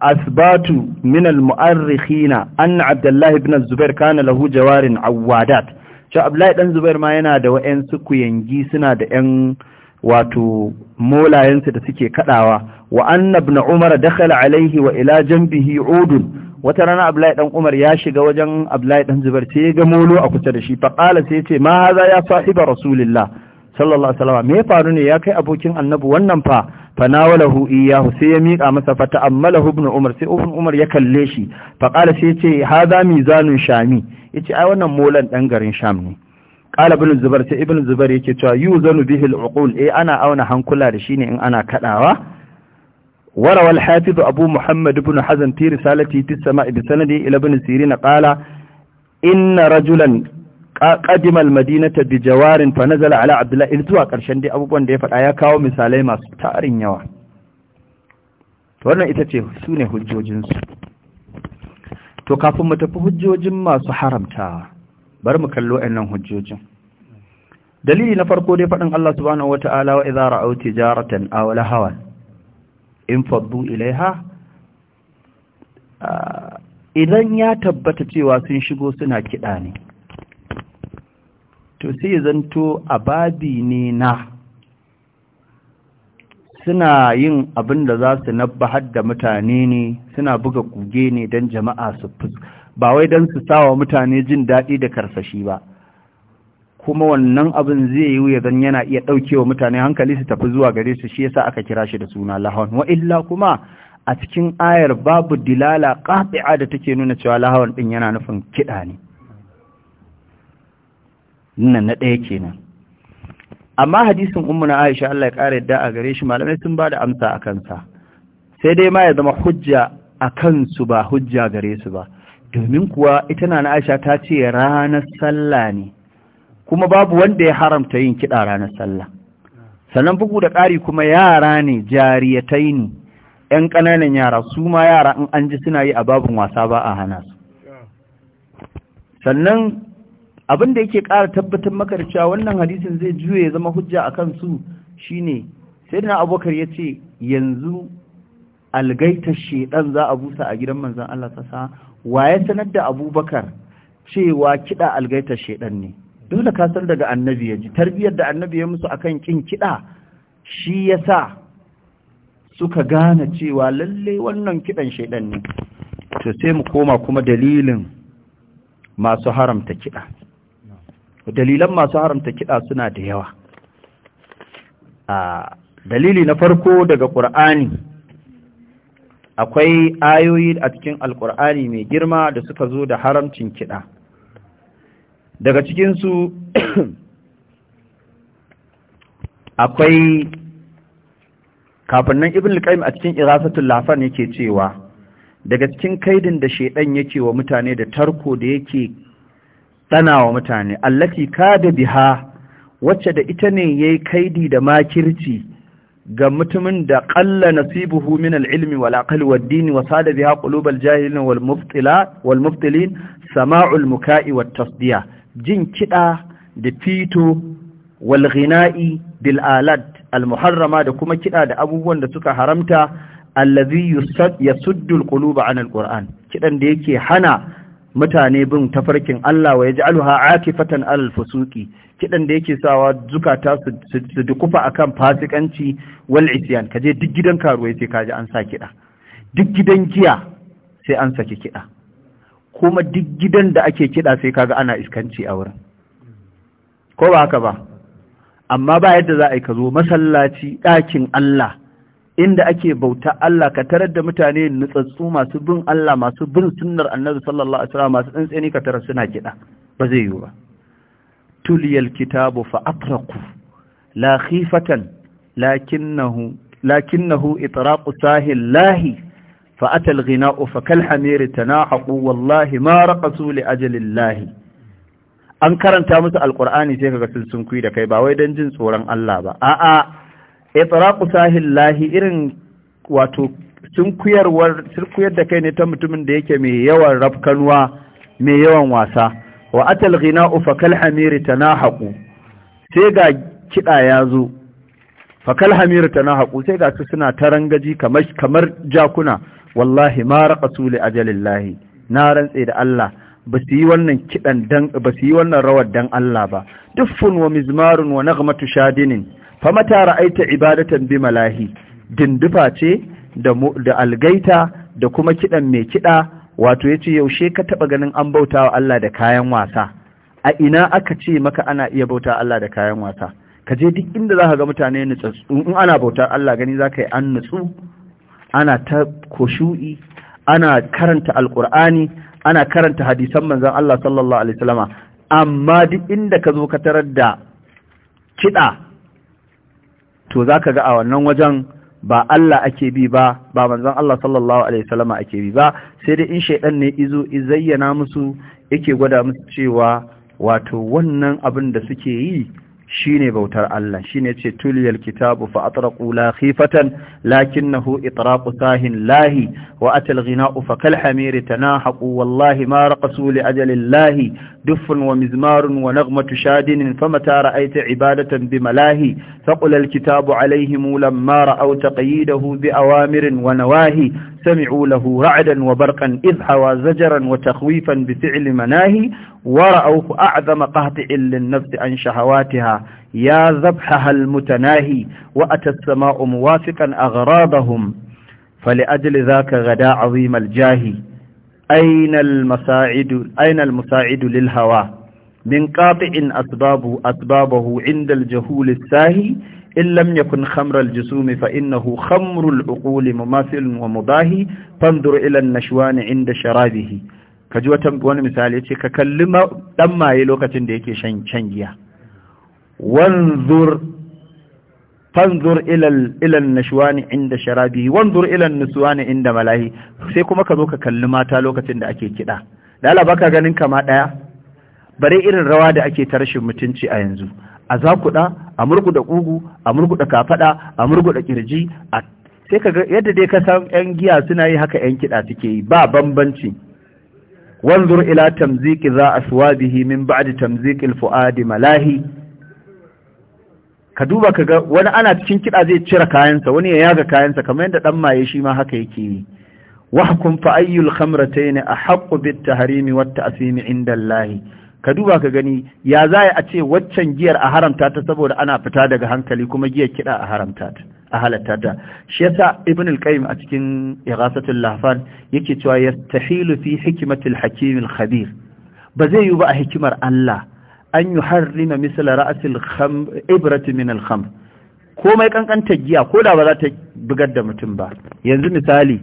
asbatu min al-mu'arrikhina anna abdullahi ibn zubair kana lahu jawarin awadat cha abdullahi dan zubair ma yana da ku kuyangi suna da yan wato molayensu da suke kadawa wa anna ibn umar dakhala alaihi wa ila janbihi udun wata rana Abdullahi dan Umar ya shiga wajen Abdullahi dan Zubair sai ya ga molo a kusa da shi fa qala sai ya ce ma haza ya sahiba rasulillah sallallahu alaihi wasallam me ya faru ne ya kai abokin annabi wannan fa fanawalahu iyahu sai ya mika masa fa ta'ammalahu ibn umar sai ibn umar ya kalle shi fa qala sai yace hadha mizanun shami yace ai wannan molan dan garin sham ne qala ibn zubair sai ibn zubair yake cewa yuzanu bihi al-uqul eh ana auna hankula da shi ne in ana kadawa وروى الحافظ أبو محمد بن حزم في رسالته في السماء بسنده إلى ابن سيرين قال إن رجلا Akadimal al-madinata bi jawarin fa nazala ala abdullah zuwa karshen dai abubuwan da ya faɗa ya kawo misalai masu tarin yawa wannan ita ce su ne hujjojinsu to kafin mu tafi hujjojin masu haramtawa bari mu kallo ɗannan hujjojin dalili na farko dai faɗin Allah subhanahu wata'ala wa idza ra'aw tijaratan aw lahawan in faddu ilaiha idan ya tabbata cewa sun shigo suna kiɗa ne to sai zanto a babi ne na suna yin abin da za su nabbahar da mutane ne suna buga kuge ne don jama'a su fus ba wai don su sawa mutane jin daɗi da karsashi ba kuma wannan abin zai yi ya zan yana iya ɗaukewa mutane hankali su tafi zuwa gare su shi yasa aka kira shi da suna lahon wa illa kuma a cikin ayar babu dilala ƙafi'a da take nuna cewa lahon ɗin yana nufin kiɗa ne nan na ɗaya kenan amma hadisin ummuna Aisha Allah ya ƙara yadda a gare shi malamai sun ba da amsa a kansa sai dai ma ya zama hujja a kansu ba hujja gare su ba domin kuwa ita na Aisha ta ce ranar sallah ne kuma babu wanda ya haramta yin kiɗa ranar sallah sannan bugu da ƙari kuma yara ne jariyatai ne ‘yan ƙananan yara su ma yara in an ji suna yi a babin wasa ba a hana su sannan abin da yake ƙara tabbatar maka da cewa wannan hadisin zai juye ya zama hujja a kansu shine sai na abokar ya ce yanzu algaitar shaidan za a busa a gidan manzan Allah sasa wa ya sanar da abubakar cewa kiɗa algaitar shaidan ne dole ka san daga annabi ya ji tarbiyyar da annabi ya musu akan kin kiɗa shi ya sa suka gane cewa lalle wannan kiɗan shaidan ne to sai mu koma kuma dalilin masu haramta kiɗa dalilan masu haramta kiɗa suna da yawa dalili na farko daga ƙur'ani akwai ayoyi a cikin alƙur'ani mai girma da suka zo da haramcin kiɗa daga cikinsu akwai kafin nan ibn al a cikin irasatun lafan yake cewa daga cikin kaidin da shaidan yake wa mutane da tarko da yake ɗana wa mutane allati kada biha wacce da ita ne ya yi kaidi da makirci ga mutumin da ƙalla nasibuhu min al'ilmi wal aqli wad dini wa sada biha qulubal jahilin walmuftilin sama'ul muka'i wat tasdiya jin kiɗa da fito wal ghina'i bil alat al muharrama da kuma kiɗa da abubuwan da suka haramta allazi yasuddu al quluba an al qur'an kidan da yake hana mutane bin tafarkin Allah wa ya yaj'aluha fatan alal fusuqi Kiɗan da yake sawa zukata su dukufa akan fasikanci wal isyan kaje duk gidan karuwai sai kaji an sa kiɗa. duk gidan giya sai an saki kiɗa. kuma duk gidan da ake kiɗa sai kaga ana iskanci a wurin ko ba haka ba amma ba yadda za a yi ka zo masallaci ɗakin Allah inda ake bauta Allah ka tarar da mutane nutsatsu masu bin Allah masu bin sunnar annabi sallallahu alaihi wasallam masu tsantseni ka tarar suna kiɗa ba zai yiwu ba tuliyal kitabu fa atraku la khifatan lakinnahu lakinnahu itraqu sahil lahi fa atal ghina'u fa kal hamiri tanahaqu wallahi ma raqasu li lahi an karanta musu alqur'ani sai kaga sun sunkuyi da kai ba wai dan jin tsoron Allah ba a'a tsara lahi irin wato sun sunkuyar da kai ne ta mutumin da yake mai yawan rafkanuwa mai yawan wasa wa atal ghina'u fakal hamiri tanahaqu sai ga kida ya zo fakal hamiri tanahaqu sai ga su suna tarangaji kamar kamar jakuna wallahi ma li ajalillahi na rantse da Allah ba su yi wannan kidan ba su yi wannan rawar dan Allah ba duffun wa mizmarun wa naghmatu shadinin Famata ra'aita ibadatan bi malahi dindufa ce da algaita da kuma kidan mai kida wato yace yaushe ka taba ganin an bautawa Allah da kayan wasa a ina aka ce maka ana iya bauta Allah da kayan wasa ka je duk inda zaka ga mutane nutsu, in ana bautar Allah gani zaka yi an nutsu ana ta koshu'i ana karanta Alƙur'ani, ana karanta hadisan manzon Allah sallallahu alaihi wasallama amma duk inda ka zo ka tarar da kida to za ka ga a wannan wajen ba Allah ake bi ba ba manzon Allah sallallahu alaihi wasallama ake bi ba sai dai in shaidan ne izo izayyana musu yake gwada musu cewa wato wannan abin da suke yi shine bautar Allah shine ce tuliyal kitabu fa atraqu la khifatan lakinnahu itraqu sahin lahi wa atal ghina'u fa kal hamir tanahaqu wallahi ma raqasu li ajalin lahi wa mizmarun wa naghmatu shadin famata ra'aita ibadatan bimalahi faqul al kitabu alayhim lamma ra'aw taqyidahu bi awamirin wa nawahi سمعوا له رعدا وبرقا إذ حوى زجرا وتخويفا بفعل مناهي ورأوه أعظم قهطع للنفس عن شهواتها يا ذبحها المتناهي وأتى السماء موافقا أغراضهم فلأجل ذاك غدا عظيم الجاهي أين المساعد, أين المساعد للهوى من قاطع أسبابه, أسبابه عند الجهول الساهي in lam yakun khamral jusumi fa innahu khamrul uquli mumathilun wa mudahi fanzur ila an-nashwan inda sharabihi kaji wata wani misali yace ka kalli dan maye lokacin da yake shan can giya wanzur fanzur ilan nashwani inda sharabi wanzur ilan nuswani inda malahi sai kuma ka zo ka kalli mata lokacin da ake kiɗa lalaba baka ganin kama ɗaya bare irin rawa da ake ta rashin mutunci a yanzu a za ku zakuɗa a murguda ƙugu a murguda kafaɗa a murguda ƙirji a sai ka yadda dai ka san yan giya suna yi haka yan kiɗa suke yi ba bambanci wanzur ila tamziki za bihi min ba'di tamzikil fuadi malahi ka duba ka ga wani ana cikin kiɗa zai cire kayansa wani ya yaga kayansa kamar yadda ɗan maye shi ma haka yake yi wahkum fa ayyul khamratayn ahqqu bit tahrimi wat ta'simi inda Allah ka duba ka gani ya za a ce waccan giyar a haramta ta saboda ana fita daga hankali kuma giyar kiɗa a haramta ta a halatta ta shi yasa ibn al-qayyim a cikin ighasatul lahfan yake cewa ya tahilu fi hikmatil hakim al-khabir ba zai yi ba a hikimar Allah an yuharrima na ra'sil kham ibrat min al kham komai kankanta giya ko da ba za ta bugar da mutum ba yanzu misali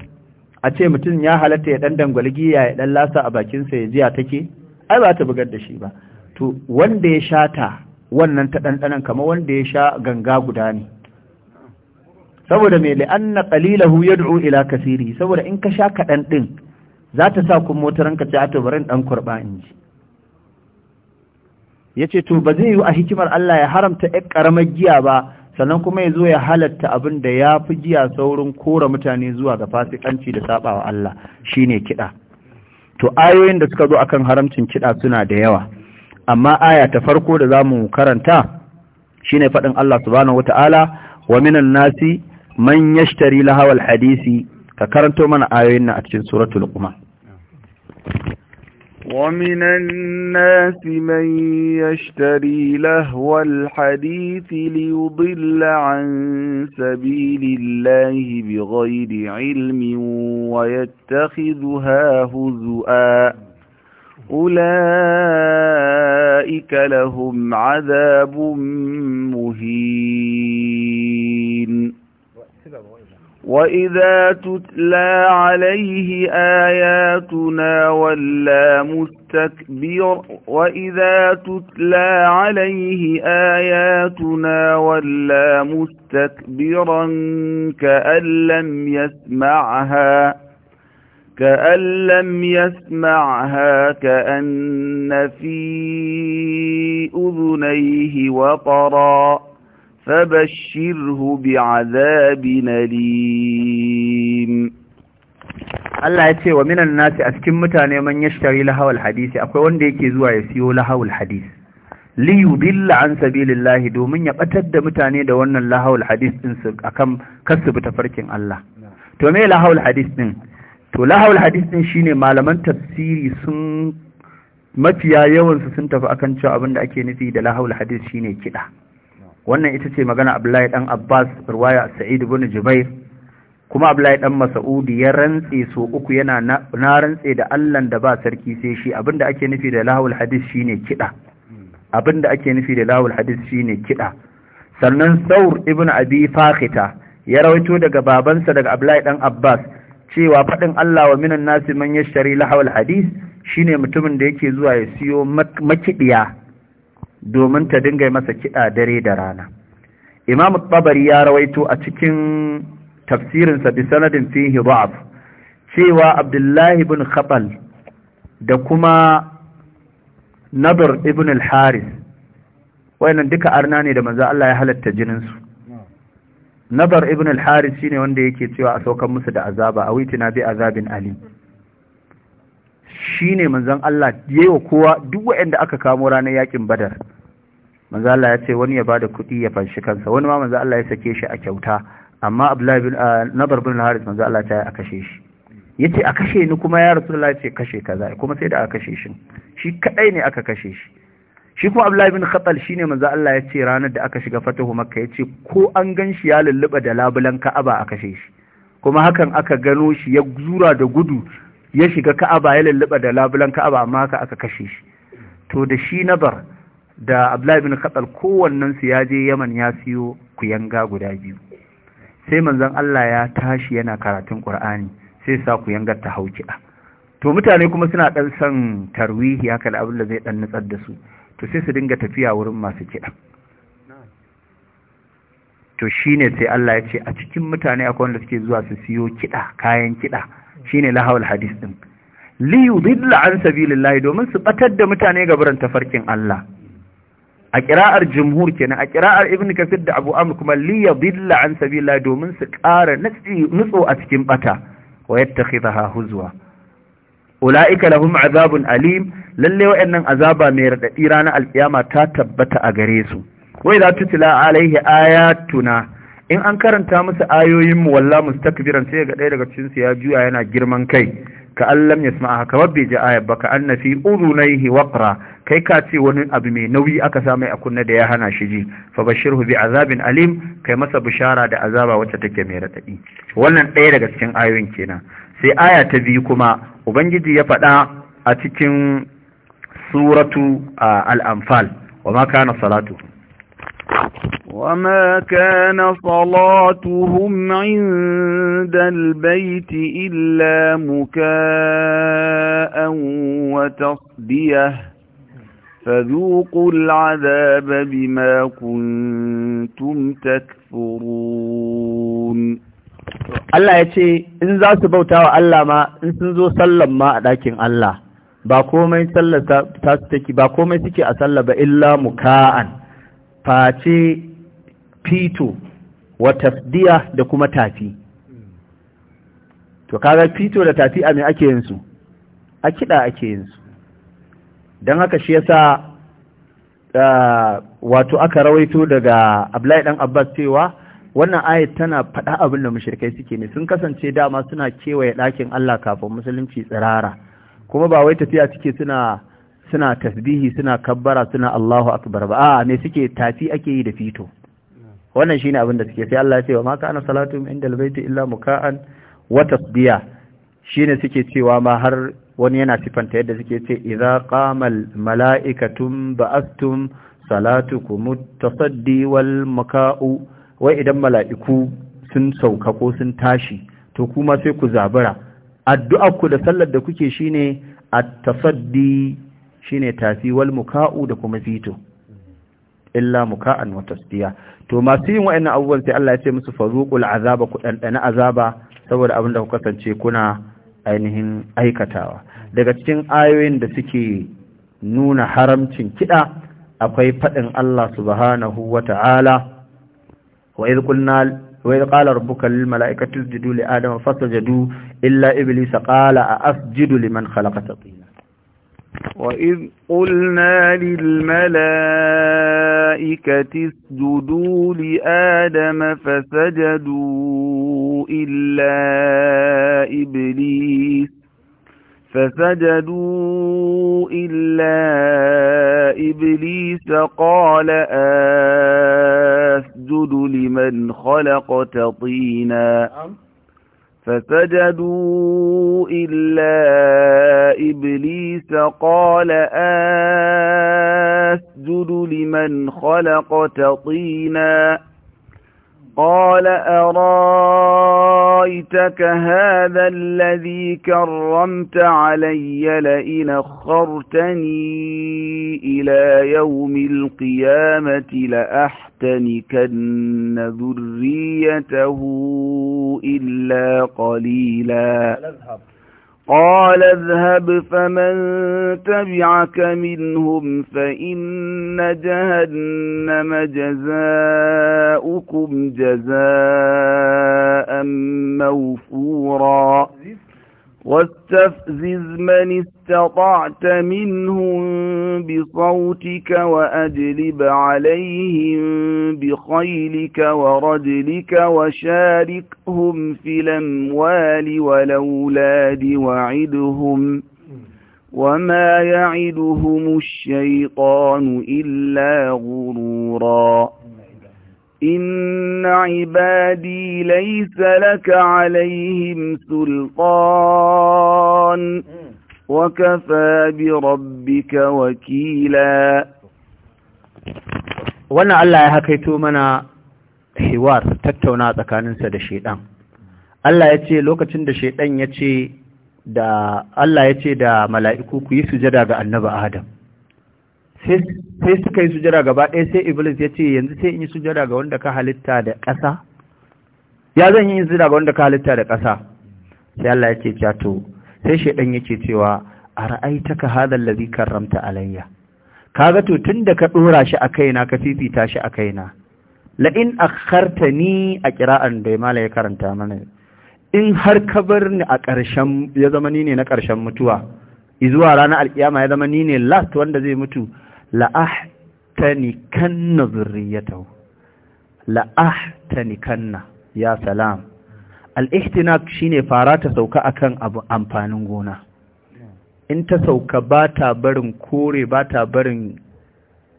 a ce mutum ya halatta ya ɗan dangwali giya ya dan lasa a bakin sa ya jiya take ai ba ta bugar da shi ba to wanda ya sha ta wannan ta ɗanɗanan kamar wanda ya sha ganga guda ne saboda mai la'anna qalilahu yad'u ila kasiri saboda in ka sha kaɗan ɗin za ta sa kun motaran ka ce to barin ɗan kurɓa in ji ya ce to ba zai yi a hikimar Allah ya haramta ɗan ƙaramar giya ba sannan kuma ya zo ya halatta abin da ya fi giya saurin kora mutane zuwa ga fasikanci da wa Allah shine kiɗa to ayoyin da suka zo akan haramcin kiɗa suna da yawa amma aya ta farko da zamu karanta shine faɗin Allah subhanahu wata'ala wa minan nasi man yashtari lahawal hadisi ka karanto mana ayoyin nan a cikin suratul luqman ومن الناس من يشتري لهو الحديث ليضل عن سبيل الله بغير علم ويتخذها هزؤا أولئك لهم عذاب مهين وَإِذَا تُتْلَى عَلَيْهِ آيَاتُنَا وَلَّى مُسْتَكْبِرًا وَإِذَا تُتْلَى عَلَيْهِ آيَاتُنَا وَلَّى مُسْتَكْبِرًا كَأَن لَّمْ يَسْمَعْهَا كَأَن لَّمْ يَسْمَعْهَا كَأَنَّ فِي أُذُنَيْهِ وَقْرًا فبشره بعذاب أليم Allah ya ce wa minan nasi a cikin mutane man yashtari lahawal hadisi akwai wanda yake zuwa ya siyo lahawal hadisi li yudilla an sabilillahi domin ya batar da mutane da wannan lahawal hadis din su akan kasu bi tafarkin Allah to me lahawal hadis din to lahawal hadis din shine malaman tafsiri sun mafiya yawan su sun tafi akan cewa abin da ake nufi da lahawal hadis shine kida wannan ita ce magana abdullahi dan abbas riwaya sa'id ibn jubair kuma abdullahi dan mas'udi ya rantse so uku yana na rantse da Allah da ba sarki sai shi abinda ake nufi da lahul hadith shine kida abinda ake nufi da lahul hadith shine kida sannan saur ibn abi fakhita ya rawaito daga babansa daga abdullahi dan abbas cewa faɗin Allah wa minan nasi man yashtari lahul hadith shine mutumin da yake zuwa ya siyo makidiya domin ta dinga masa kiɗa dare da rana imam tabari ya rawaito a cikin tafsirinsa bi sanadin fihi da'af cewa abdullahi ibn khabal da kuma nadar ibn al-haris wayannan duka arna ne da manzo Allah ya halatta jinin su nadar ibn al-haris shine wanda yake cewa a saukan musu da azaba a awitina bi azabin ali Shi shine manzon Allah wa kowa duk waɗanda aka kamo ranar yakin badar manzon Allah ya ce wani ya bada kuɗi ya fanshi kansa wani ma manzon Allah ya sake shi a kyauta amma Abdullahi bin ah, Nabar bin manzon Allah a kashe shi yace a kashe ni kuma ya Rasulullahi ce kashe kaza kuma sai da aka kashe shi shi kadai ne aka kashe shi shi kuma Abdullahi bin Khatal shine manzo Allah ya ce ranar da aka shiga fatahu Makka ce ko an gan shi ya lulluba da labulan Ka'aba a kashe shi kuma hakan aka gano shi ya zura da gudu ya shiga ka'aba ya lulluɓa da labulan ka'aba amma ka aka kashe shi to da shi na bar da abdullahi bin katsal kowannen su ya je yaman ya siyo kuyanga guda biyu sai manzon Allah ya tashi yana karatun qur'ani sai sa kuyangar ta hau kiɗa to mutane kuma suna dan son tarwihi haka da abin da zai dan nutsar da su to sai su dinga tafiya wurin masu kiɗa to shine sai Allah ya ce a cikin mutane akwai wanda suke zuwa su siyo kiɗa kayan kiɗa shine lahawul hadis din li yudilla an sabilillahi domin su batar da mutane ga buran tafarkin Allah a kira'ar jumhur kenan a kira'ar ibn kafir da abu amr kuma li yudilla an sabilillahi domin su ƙara nutso a cikin bata wa yattakhidha huzwa ulaika lahum azabun alim lalle wa'annan azaba mai radadi ranar alkiyama ta tabbata a gare su wai za tutla alaihi ayatuna in an karanta musu ayoyin mu walla mustakbiran sai ga ɗaya daga cikin su ya juya yana girman kai ka allam yasma'a kamar bai ji ayar ba ka anna fi udunaihi waqra kai ka ce wani abu mai nauyi aka sa mai a kunna da ya hana shi ji fa bashirhu bi azabin alim kai masa bishara da azaba wacce take mai radadi wannan ɗaya daga cikin ayoyin kenan sai aya ta biyu kuma ubangiji ya faɗa a cikin suratu al-anfal wa ma kana salatu وما كان صلاتهم عند البيت إلا مكاء وتصديه فذوقوا العذاب بما كنتم تكفرون Allah ya ce in za su bauta wa Allah ma in sun zo sallan ma a ɗakin Allah ba komai sallar ta su take ba komai suke a sallah ba illa muka'an face fito wa tasdiya da kuma tafi to kaga fito da tafi a me ake yin su a kiɗa ake yin su don haka shi yasa wato aka rawaito daga Abdullahi dan Abbas cewa wannan ayat tana faɗa abin da mushrikai suke ne sun kasance dama suna kewaye ɗakin Allah kafin musulunci tsirara kuma ba wai tafiya suke suna suna tasbihi suna kabbara suna Allahu akbar ba a me suke tafi ake yi da fito wannan shi abin da suke sai Allah ya ce wa ma ana salatu min indal baiti illa muka'an wa tasbiya ne suke cewa ma har wani yana sifanta yadda suke ce idza mala'ikatun mala'ikatum salatu salatukum tasaddi wal maka'u wai idan mala'iku sun sauka ko sun tashi to kuma sai ku zabura addu'arku da sallar da kuke shine at-tasaddi shine tafi wal muka'u da kuma fito illa muka'an wa tasbiya to masu yin wa'annan abubuwan sai Allah ya ce musu faruqul azaba ku dandana azaba saboda abin da ku kasance kuna ainihin aikatawa daga cikin ayoyin da suke nuna haramcin kida akwai fadin Allah subhanahu wata'ala wa idh qulna wa idh qala rabbuka lil mala'ikati isjudu li adama fasajadu illa iblisa qala a asjudu liman khalaqata tin وإذ قلنا للملائكة اسجدوا لآدم فسجدوا إلا إبليس فسجدوا إلا إبليس قال أسجد لمن خلقت طينا نعم. فسجدوا إلا إبليس قال أسجد لمن خلقت طيناً قال أرايتك هذا الذي كرمت علي لئن أخرتني إلى يوم القيامة لأحتنكن ذريته إلا قليلا قال اذهب فمن تبعك منهم فإن جهنم جزاؤكم جزاء موفورا واستفزز من استطعت منهم بصوتك وأجلب عليهم بخيلك ورجلك وشاركهم في الأموال والأولاد وعدهم وما يعدهم الشيطان إلا غروراً إن عبادي ليس لك عليهم سلطان وكفى بربك وكيلا wannan Allah ya hakaito mana hiwar tattauna tsakaninsa da shaidan. Allah ya ce lokacin da shaidan ya ce da Allah ya ce da mala'iku ku yi sujada ga annaba Adam sai suka yi sujada gaba ɗaya sai iblis ya ce yanzu sai in yi sujada ga wanda ka halitta da ƙasa ya zan yi sujada ga wanda ka halitta da ƙasa sai Allah ya ce cato sai shaidan yake cewa a ra'aitaka hadha allazi karramta alayya kaga to tunda ka dora shi a kaina ka fifita shi a kaina la in akhartani a qira'an da mala ya karanta mana in har ka bar ni a ƙarshen ya zama ni ne na ƙarshen mutuwa izuwa ranar alƙiyama ya zama ni ne last wanda zai mutu la'ahtanikanna zurriyatahu la'ahtanikanna ya salam al ihtinak shine fara ta sauka akan abu amfanin gona in ta sauka ba ta barin kore ba ta barin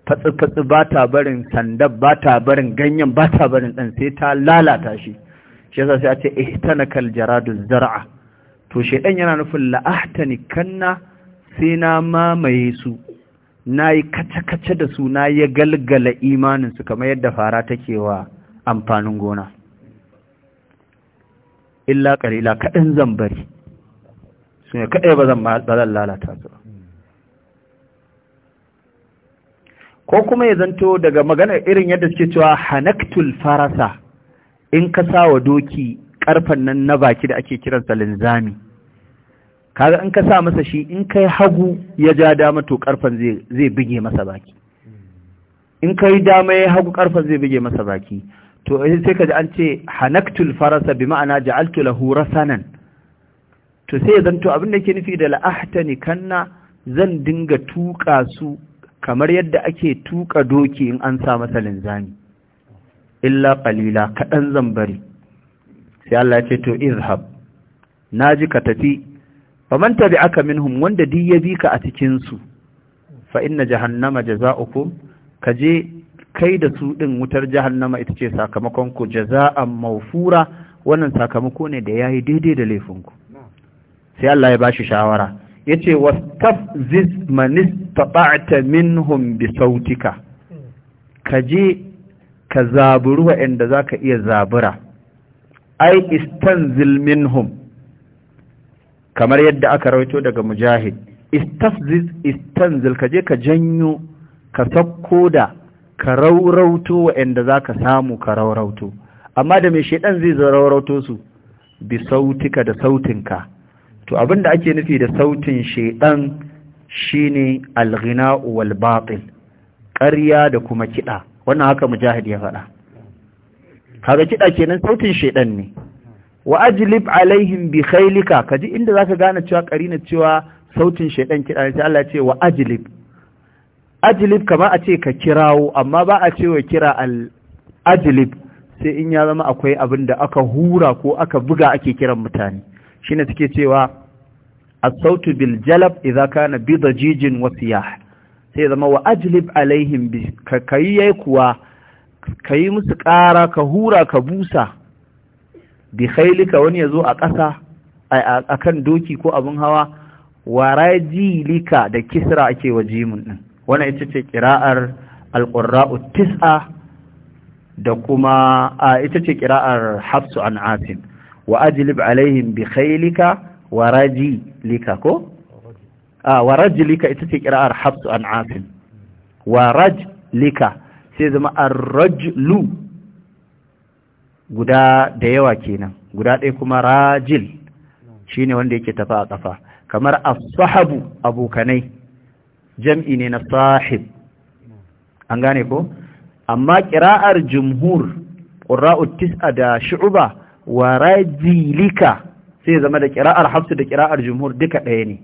fatsi-fatsi ba ta barin sandab ba ta barin ganyen ba ta barin ɗan sai ta lalata shi shi yasa sai a ce ihtanakal jaradul zar'a to shedan yana nufin la'ahtanikanna sai na mamaye su na yi kace-kace da su na ya galgala imaninsu kamar yadda fara take wa amfanin gona illa ƙarila kaɗan zan bari su ne kaɗai ba zan lalata su ko kuma ya zanto daga maganar irin yadda suke cewa hanaktul farasa in ka sa wa doki ƙarfan nan na baki da ake kiransa linzami kaga in ka sa masa shi in kai hagu ya ja dama to karfan zai bige masa baki in kai dama ya hagu karfan zai bige masa baki to eh, sai ka ji an ce hanaktul farasa bi ma'ana ja'altu lahu rasanan to sai ya zanto abin da ke nufi da la'ahtani kanna zan dinga tuka su kamar yadda ake tuka doki in an sa masa linzami illa qalila kadan zan bari sai Allah ya ce to izhab naji ka tafi faman min minhum wanda duk ya bi ka a cikinsu, fa inna jahannama jaza'ukum je kai da su din wutar jahannama ita ce sakamakon ku jaza'an mawfura wannan sakamako ne da yayi daidai da laifin ku sai Allah ya bashi shawara yace wastafziz man min minhum bi sautika Ka je ka zaburu wa'anda zaka iya zabura ai istanzil minhum kamar yadda aka rawaito daga mujahid istafziz istanzil ka je ka janyo ka sakko da ka raurauto waɗanda za ka samu ka raurauto amma da mai shaidan zai raurauto su bi sautika da sautinka to abinda ake nufi da sautin shaidan shine alghina'u wal batil ƙarya da kuma kiɗa wannan haka mujahid ya faɗa kaga kiɗa kenan sautin shaidan ne wa ajlib alaihim bi khailika kaji inda zaka gane cewa karina cewa sautin shaydan kiɗa sai Allah ya ce wa ajlib ajlib kama a ce ka kirawo amma ba a ce wa kira al ajlib sai in ya zama akwai abin da aka hura ko aka buga ake kiran mutane shine take cewa as-sautu bil jalab idza kana bi dajijin wa siyah sai zama wa ajlib alaihim bi ka kai kuwa kayi musu ƙara ka hura ka busa bi khailika wani yazo a ƙasa a kan doki ko abin hawa warajilika da kisra ake wa jimin din wannan ita ce kira'ar alqurra'u tis'a da kuma ita ce kira'ar hafsu an asim wa ajlib alaihim bi khailika wa ko a wa ita ce kira'ar hafsu an asim warajlika sai zama ar-rajlu guda da yawa kenan guda ɗaya kuma rajil shi ne wanda yake tafa a ƙafa kamar a sahabu abokanai jam'i ne na sahib an gane ko amma ƙira'ar jumhur ƙura'ut tis'a da shu'uba wa rajilika sai zama da ƙira'ar hafsu da ƙira'ar jumhur duka ɗaya ne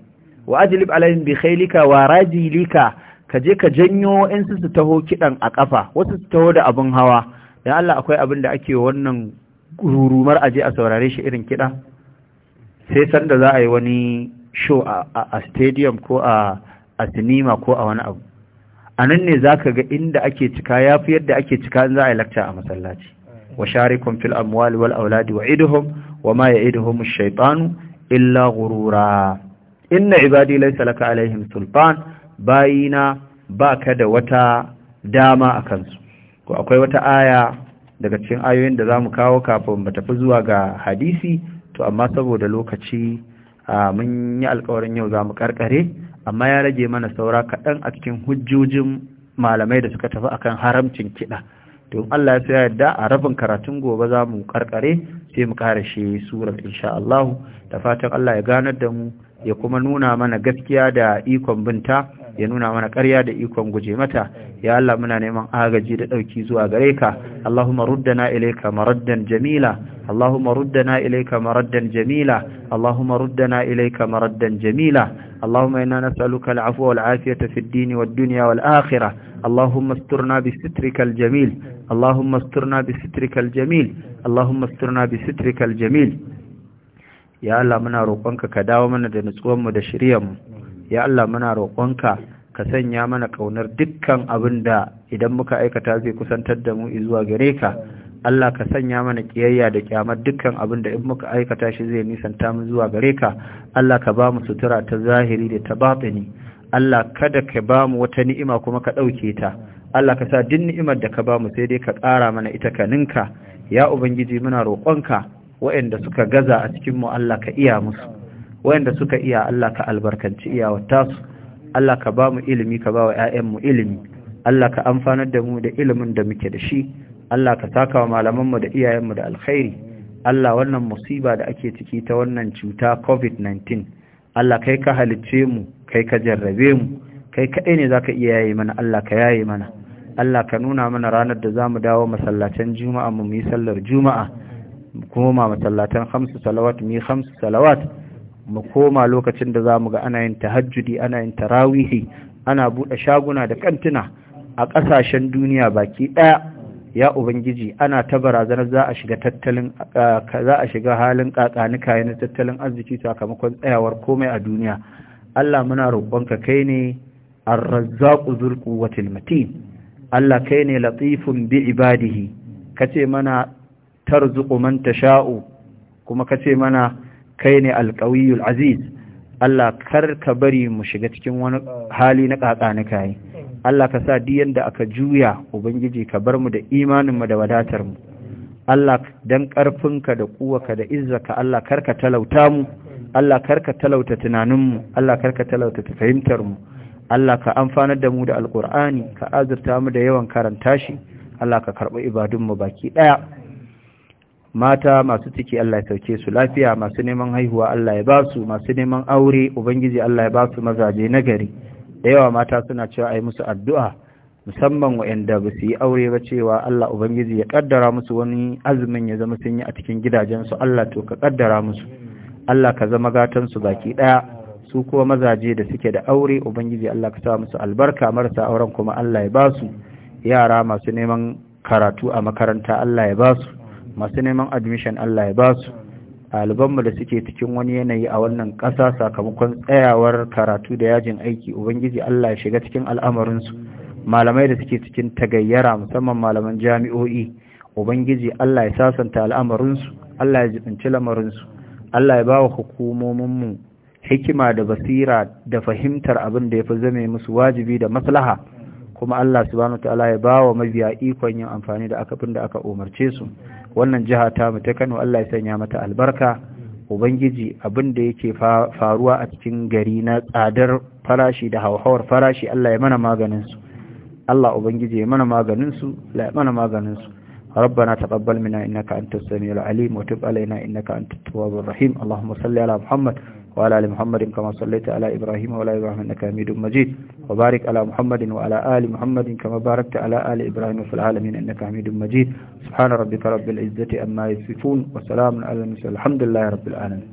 wa ajilib alayhim bi khailika wa rajilika ka je ka janyo in su taho kiɗan a ƙafa, wasu su taho da abin hawa ya Allah akwai abin da ake wannan rurumar aje a saurare shi irin kiɗa sai sanda za a yi wani show a stadium ko a sinima ko a wani abu a nan ne za ka ga inda ake cika ya fi yadda ake cika za a yi lakta a masallaci wa share kwamfil amuwali wal auladi wa iduhum wa ma ya iduhum shaitanu illa gurura inna ibadi laysa laka alaihim sultan bayina ba ka da wata dama a kansu ko akwai wata aya daga cikin ayoyin da zamu kawo kafin mu tafi zuwa ga hadisi to amma saboda lokaci mun yi alƙawarin yau zamu karkare amma ya rage mana saura kaɗan a cikin hujjojin malamai da suka tafi akan haramcin kiɗa to Allah ya saya yadda a rabin karatun gobe zamu karkare sai mu shi surar insha Allah da fatan Allah ya ganar da mu ya kuma nuna mana gaskiya da ikon binta ya nuna mana ƙarya da ikon guje mata ya Allah muna neman agaji da ɗauki zuwa gare ka Allahumma ruddana ilayka maraddan jamila Allahumma ruddana ilayka maraddan jamila Allahumma ruddana ilayka maraddan jamila Allahumma inna nas'aluka al-'afwa wal-'afiyata fid-din wad-dunya wal-akhirah Allahumma asturna bi sitrika jamil Allahumma asturna bi sitrika jamil Allahumma asturna bi sitrika jamil ya Allah muna roƙonka ka dawo mana da nutsuwanmu da shiryanmu ya Allah muna roƙonka ka sanya mana ƙaunar dukkan abin da idan muka aikata zai kusantar da mu zuwa gare ka Allah ka sanya mana kiyayya da kyamar dukkan abin da in muka aikata shi zai nisanta mu zuwa gare ka Allah ka ba mu sutura ta zahiri da ta batini Allah kada ka ba mu wata ni'ima kuma ka ɗauke ta Allah ka sa duk ni'imar da ka ba mu sai dai ka ƙara mana ita ka ninka ya ubangiji muna roƙonka waɗanda suka gaza a cikin mu Allah ka iya musu wayanda suka iya Allah ka albarkanci iyawar tasu Allah ka bamu ilimi ka bawa wa ƴaƴanmu ilimi Allah ka amfanar da mu da ilimin da muke da shi Allah ka saka wa malamanmu da iyayenmu da alkhairi Allah wannan musiba da ake ciki ta wannan cuta COVID-19 Allah kai ka halicce mu kai ka jarrabe mu kai kaɗai ne za ka iya yayi mana Allah ka yayi mana Allah ka nuna mana ranar da za mu dawo masallacin juma'a mu yi sallar juma'a kuma masallatan hamsu salawat mu yi hamsu salawat mu koma lokacin da za mu ga ana yin tahajjudi ana yin tarawihi ana buɗe shaguna da kantuna a ƙasashen duniya baki ɗaya ya ubangiji ana ta barazanar za a shiga halin kakanika na tattalin arziki sakamakon tsayawar komai a duniya Allah muna roƙonka kai ne ar-razzaqu dhul matin Allah kai ne latifun bi ibadihi kace mana tarzuqu man tasha'u kuma kace mana kai ne alƙawiyul aziz Allah kar ka bari mu shiga cikin wani hali na na yi Allah ka sa diyan da aka juya Ubangiji ka bar mu da imaninmu da wadatar mu Allah don ƙarfinka da ƙuwaka da izzaka Allah kar ka talauta mu Allah kar ka talauta tunaninmu Allah kar ka talauta fahimtar mu Allah ka amfanar da mu da alƙur'ani ka azurta mu da yawan karanta shi Allah ka karɓi ibadunmu baki ɗaya mata masu ciki Allah ya sauke su lafiya masu neman haihuwa Allah ya ba su masu neman aure ubangiji Allah ya ba su mazaje gari. da yawa mata suna cewa ai musu addu'a musamman waɗanda ba su yi aure ba cewa Allah ubangiji ya kaddara musu wani azumin ya zama sun yi a cikin gidajensu Allah to ka kaddara musu Allah ka zama gatan su baki daya su kuma mazaje da suke da aure ubangiji Allah ka sa musu albarka marasa auren kuma Allah ya ba su yara masu neman karatu a makaranta Allah ya ba su masu neman admission Allah ya ba su ɗalibanmu da suke cikin wani yanayi a wannan ƙasa sakamakon tsayawar karatu da yajin aiki ubangiji Allah ya shiga cikin al'amarinsu malamai da suke cikin tagayyara musamman malaman jami'o'i ubangiji Allah ya sasanta al'amarinsu Allah ya jibinci lamarinsu Allah ya ba wa hukumominmu hikima da basira da fahimtar abin da ya fi zame musu wajibi da maslaha kuma Allah subhanahu wa ta'ala ya ba wa mabiya ikon yin amfani da akabin da aka umarce su wannan jiha ta mu ta Kano Allah ya sanya mata albarka ubangiji abin da yake faruwa a cikin gari na tsadar farashi da hauhawar farashi Allah ya mana maganin su Allah ubangiji ya mana maganin su la ya mana maganin su ربنا تقبل منا انك انت السميع العليم وتب علينا انك انت التواب الرحيم اللهم صل على محمد وعلى آل محمد كما صليت على إبراهيم وعلى إبراهيم إنك حميد مجيد وبارك على محمد وعلى آل محمد كما باركت على آل إبراهيم في العالمين إنك حميد مجيد سبحان ربك رب العزة أما يصفون وسلام على المرسلين الحمد لله رب العالمين